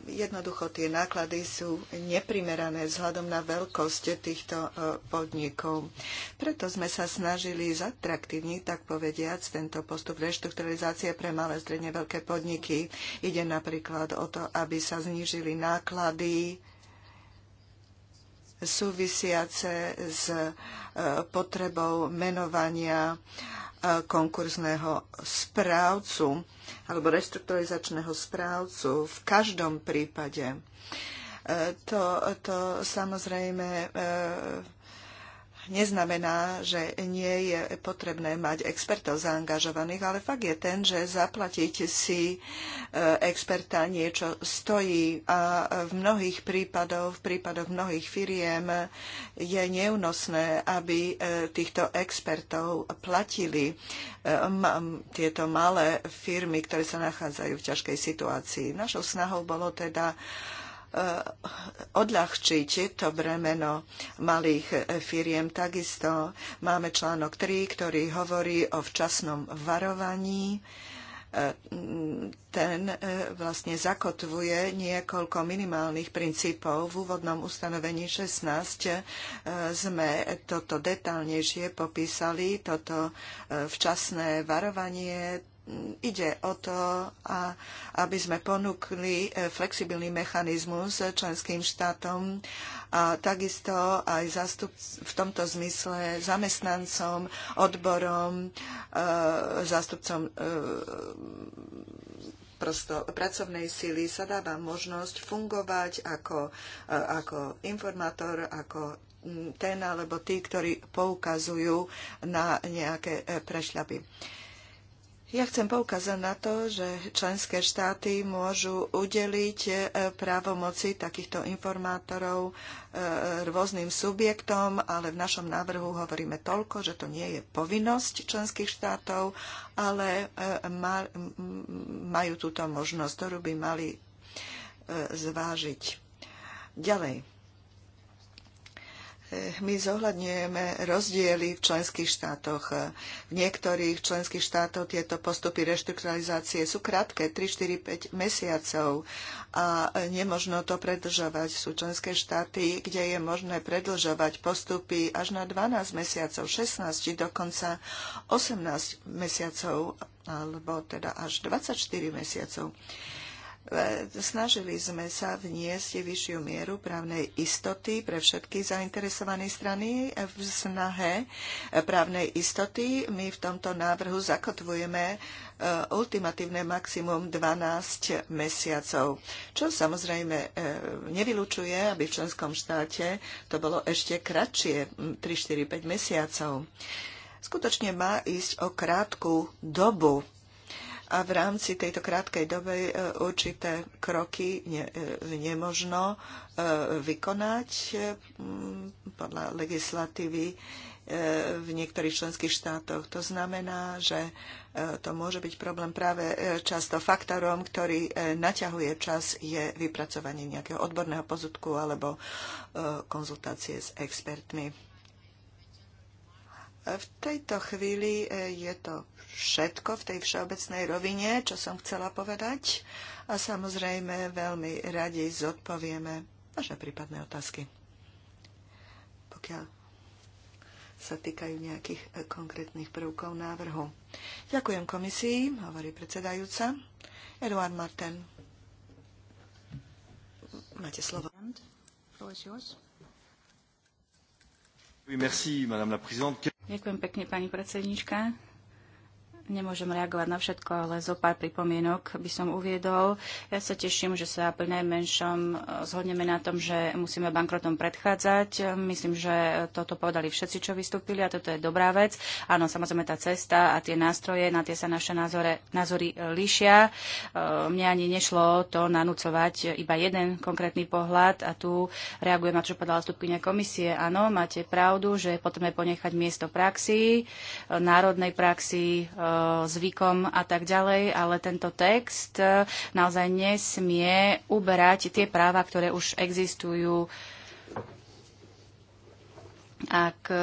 jednoducho tie náklady sú neprimerané vzhľadom na veľkosť týchto e, podnikov. Preto sme sa snažili zatraktívniť, tak povediac, tento postup reštrukturalizácie pre malé, stredne veľké podniky. Ide napríklad o to, aby sa znížili náklady súvisiace s e, potrebou menovania konkurzného správcu alebo restrukturalizačného správcu v každom prípade. E, to, to samozrejme e, neznamená, že nie je potrebné mať expertov zaangažovaných, ale fakt je ten, že zaplatiť si e, experta niečo stojí a v mnohých prípadoch, v prípadoch mnohých firiem je neúnosné, aby e, týchto expertov platili e, tieto malé firmy, ktoré sa nachádzajú v ťažkej situácii. Našou snahou bolo teda Eh, odľahčiť to bremeno malých eh, firiem. Takisto máme článok 3, ktorý hovorí o včasnom varovaní eh, ten vlastne zakotvuje niekoľko minimálnych princípov. V úvodnom ustanovení 16 sme toto detálnejšie popísali, toto včasné varovanie, ide o to, aby sme ponúkli e, flexibilný mechanizmus členským štátom a takisto aj zastup, v tomto zmysle zamestnancom, odborom, e, zástupcom e, prosto pracovnej síly sa dáva možnosť fungovať ako, ako informátor, ako ten alebo tí, ktorí poukazujú na nejaké prešľapy. Ja chcem poukázať na to, že členské štáty môžu udeliť e, právomoci takýchto informátorov e, rôznym subjektom, ale v našom návrhu hovoríme toľko, že to nie je povinnosť členských štátov, ale e, majú túto možnosť, ktorú by mali zvážiť. Ďalej. Eh, my zohľadňujeme rozdiely v členských štátoch. V niektorých členských štátoch tieto postupy reštrukturalizácie sú krátke, 3, 4, 5 mesiacov a nemožno to predlžovať. Sú členské štáty, kde je možné predlžovať postupy až na 12 mesiacov, 16 či dokonca 18 mesiacov alebo teda až 24 mesiacov. E, snažili sme sa vniesť vyššiu mieru právnej istoty pre všetky zainteresované strany. V snahe právnej istoty my v tomto návrhu zakotvujeme e, ultimatívne maximum 12 mesiacov, čo samozrejme e, nevylučuje, aby v členskom štáte to bolo ešte kratšie, 3, 4, 5 mesiacov. Skutočne má ísť o krátku dobu a v rámci tejto krátkej doby e, určité kroky e, nemožno e, vykonať podľa legislatívy v niektorých členských štátoch. To znamená, že to môže byť problém práve často faktorom, ktorý naťahuje čas, je vypracovanie nejakého odborného pozudku alebo konzultácie s expertmi. V tejto chvíli je to všetko v tej všeobecnej rovine, čo som chcela povedať a samozrejme veľmi radi zodpovieme vaše prípadné otázky, pokiaľ sa týkajú nejakých e, konkrétnych prvkov návrhu. Ďakujem komisii, hovorí predsedajúca. Eduard Marten. Máte slovo. Ďakujem pekne, pani predsednička. Nemôžem reagovať na všetko, ale zo pár pripomienok by som uviedol. Ja sa teším, že sa pri najmenšom eh, zhodneme na tom, že musíme bankrotom predchádzať. Myslím, že toto povedali všetci, čo vystúpili a toto je dobrá vec. Áno, samozrejme tá cesta a tie nástroje, na tie sa naše názore, názory eh, líšia. Eh, mne ani nešlo to nanúcovať iba jeden konkrétny pohľad a tu reagujem na čo povedala stupkynia komisie. Áno, máte pravdu, že je potrebné ponechať miesto praxi, národnej praxi, zvykom a tak ďalej, ale tento text e, naozaj nesmie uberať tie práva, ktoré už existujú a k e,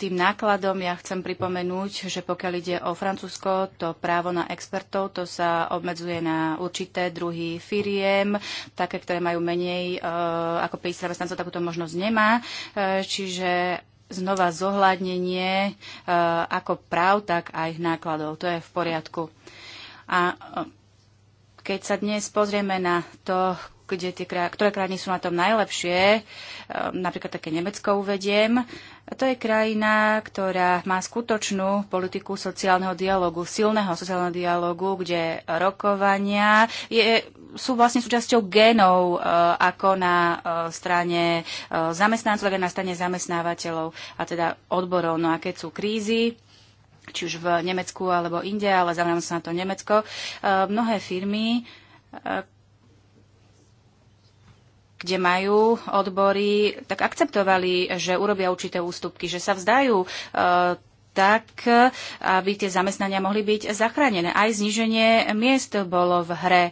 tým nákladom ja chcem pripomenúť, že pokiaľ ide o Francúzsko, to právo na expertov, to sa obmedzuje na určité druhy firiem, také, ktoré majú menej e, ako 50 zamestnancov, takúto možnosť nemá. E, čiže znova zohľadnenie e, ako práv, tak aj nákladov. To je v poriadku. A e, keď sa dnes pozrieme na to, kde tie, ktoré krajiny sú na tom najlepšie, e, napríklad také Nemecko uvediem, to je krajina, ktorá má skutočnú politiku sociálneho dialogu, silného sociálneho dialogu, kde rokovania je sú vlastne súčasťou genov, e, ako na e, strane e, zamestnancov, tak na strane zamestnávateľov a teda odborov. No a keď sú krízy, či už v Nemecku alebo inde, ale zamerám sa na to Nemecko, mnohé firmy, kde majú odbory, tak akceptovali, že urobia určité ústupky, že sa vzdajú tak, aby tie zamestnania mohli byť zachránené. Aj zníženie miest bolo v hre.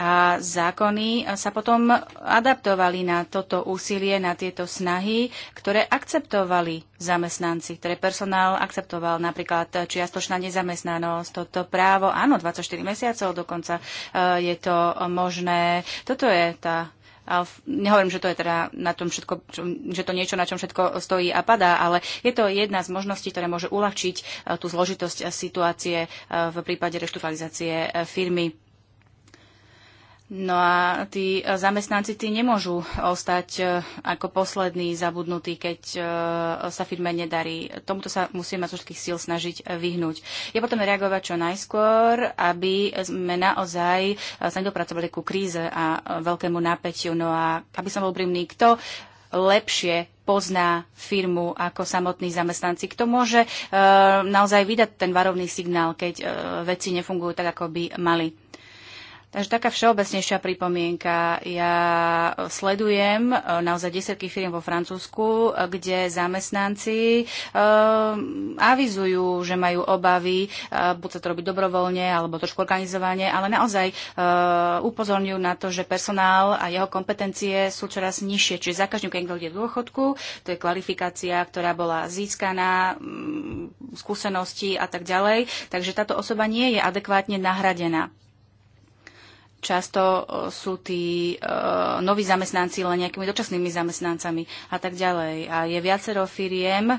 A zákony sa potom adaptovali na toto úsilie, na tieto snahy, ktoré akceptovali zamestnanci, ktoré personál akceptoval, napríklad čiastočná nezamestnanosť, toto právo, áno, 24 mesiacov dokonca e, je to možné. Toto je tá Nehovorím, že to je teda na tom všetko, že to niečo, na čom všetko stojí a padá, ale je to jedna z možností, ktorá môže uľahčiť e, tú zložitosť situácie e, v prípade reštrukturalizácie firmy. No a tí zamestnanci tí nemôžu ostať e, ako poslední zabudnutí, keď e, sa firme nedarí. Tomuto sa musíme z všetkých síl snažiť vyhnúť. Je potom reagovať čo najskôr, aby sme naozaj e, sa nedopracovali ku kríze a veľkému napätiu. No a aby som bol úprimný, kto lepšie pozná firmu ako samotní zamestnanci. Kto môže e, naozaj vydať ten varovný signál, keď e, veci nefungujú tak, ako by mali. Takže taká všeobecnejšia pripomienka. Ja sledujem e, naozaj desiatky firiem vo Francúzsku, e, kde zamestnanci e, avizujú, že majú obavy, uh, buď sa to robiť dobrovoľne, alebo trošku organizovanie, ale naozaj uh, upozorňujú na to, že personál a jeho kompetencie sú čoraz nižšie. Čiže za každým, keď ide dôchodku, to je kvalifikácia, ktorá bola získaná, um, skúsenosti a tak ďalej. Takže táto osoba nie je adekvátne nahradená. Často e, sú tí e, noví zamestnanci len nejakými dočasnými zamestnancami a tak ďalej. A je viacero firiem, e,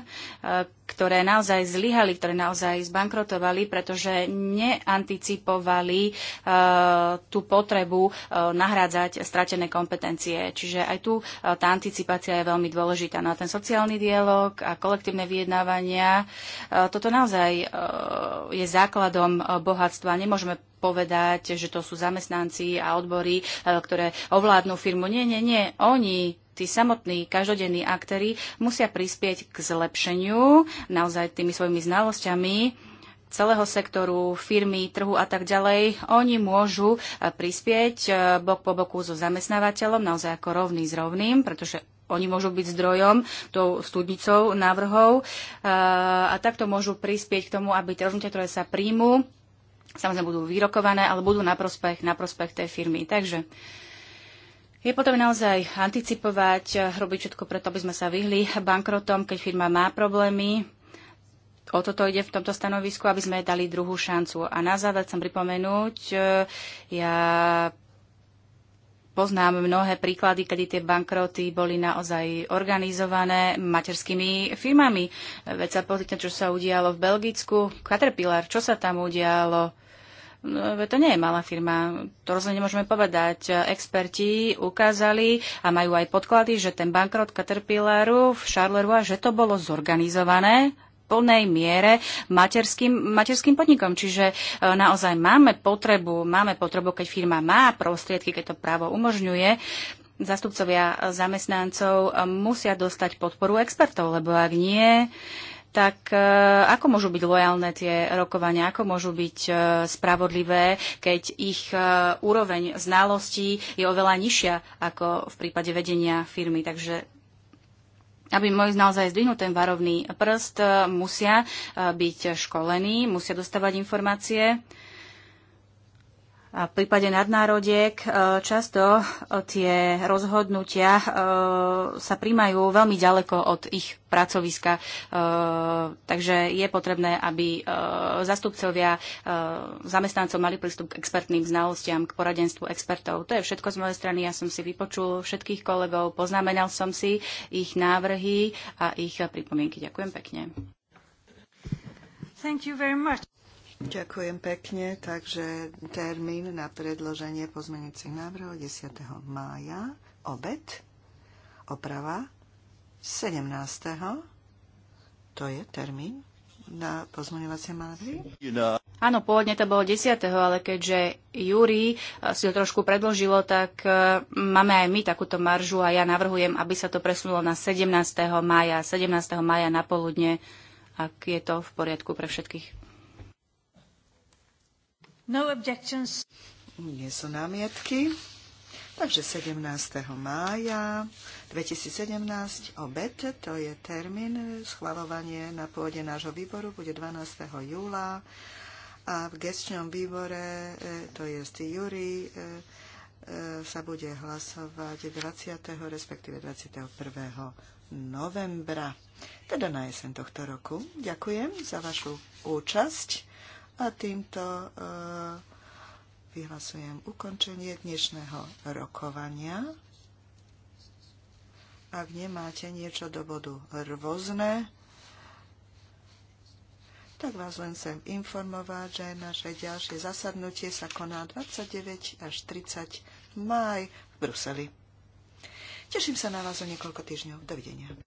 ktoré naozaj zlyhali, ktoré naozaj zbankrotovali, pretože neanticipovali uh, tú potrebu uh, nahrádzať stratené kompetencie. Čiže aj tu uh, tá anticipácia je veľmi dôležitá. No a ten sociálny dialog a kolektívne vyjednávania, uh, toto naozaj uh, je základom uh, bohatstva. Nemôžeme povedať, že to sú zamestnanci a odbory, ktoré ovládnu firmu. Nie, nie, nie. Oni tí samotní každodenní aktéry musia prispieť k zlepšeniu naozaj tými svojimi znalosťami celého sektoru, firmy, trhu a tak ďalej. Oni môžu eh, prispieť eh, bok po boku so zamestnávateľom, naozaj ako rovný s rovným, pretože oni môžu byť zdrojom, tou studnicou návrhov eh, a takto môžu prispieť k tomu, aby tie rozhodnutia, ktoré sa príjmu, samozrejme budú vyrokované, ale budú na prospech, na prospech tej firmy. Takže je potom naozaj anticipovať, robiť všetko preto, aby sme sa vyhli bankrotom, keď firma má problémy. O toto ide v tomto stanovisku, aby sme dali druhú šancu. A na záver chcem pripomenúť, ja poznám mnohé príklady, kedy tie bankroty boli naozaj organizované materskými firmami. Veď sa pozrite, čo sa udialo v Belgicku. Caterpillar, čo sa tam udialo? No, to nie je malá firma, to rozhodne nemôžeme povedať. Experti ukázali a majú aj podklady, že ten bankrot Caterpillaru v Charleru a že to bolo zorganizované plnej miere materským, materským podnikom. Čiže e, naozaj máme potrebu, máme potrebu, keď firma má prostriedky, keď to právo umožňuje, zastupcovia zamestnancov e, musia dostať podporu expertov, lebo ak nie, tak e, ako môžu byť lojálne tie rokovania, ako môžu byť e, spravodlivé, keď ich e, úroveň znalostí je oveľa nižšia ako v prípade vedenia firmy. Takže aby mohli naozaj zdvihnúť ten varovný prst, musia byť školení, musia dostávať informácie a v prípade nadnárodiek e, často e, tie rozhodnutia e, sa príjmajú veľmi ďaleko od ich pracoviska. Takže je potrebné, aby zastupcovia zamestnancov mali prístup k expertným znalostiam, k poradenstvu expertov. To je všetko z mojej strany. Ja som si vypočul všetkých kolegov, poznamenal som si ich návrhy a ich pripomienky. Ďakujem pekne. Thank you very much. Ďakujem pekne. Takže termín na predloženie pozmeňujúcich návrhov 10. mája, obed, oprava 17. To je termín na pozmeňovacie návrhy? Áno, pôvodne to bolo 10., ale keďže Júri eh, si to trošku predložilo, tak eh, máme aj my takúto maržu a ja navrhujem, aby sa to presunulo na 17. maja, 17. maja na poludne, ak je to v poriadku pre všetkých. No objections. Nie sú námietky. Takže 17. mája 2017 obed, to je termín, schvalovanie na pôde nášho výboru bude 12. júla a v gestčnom výbore, e, to je Júri, e, e, sa bude hlasovať 20. respektíve 21. novembra, teda na jesen tohto roku. Ďakujem za vašu účasť. A týmto e, vyhlasujem ukončenie dnešného rokovania. Ak nemáte niečo do bodu rôzne, tak vás len chcem informovať, že naše ďalšie zasadnutie sa koná 29 až 30 máj v Bruseli. Teším sa na vás o niekoľko týždňov. Dovidenia.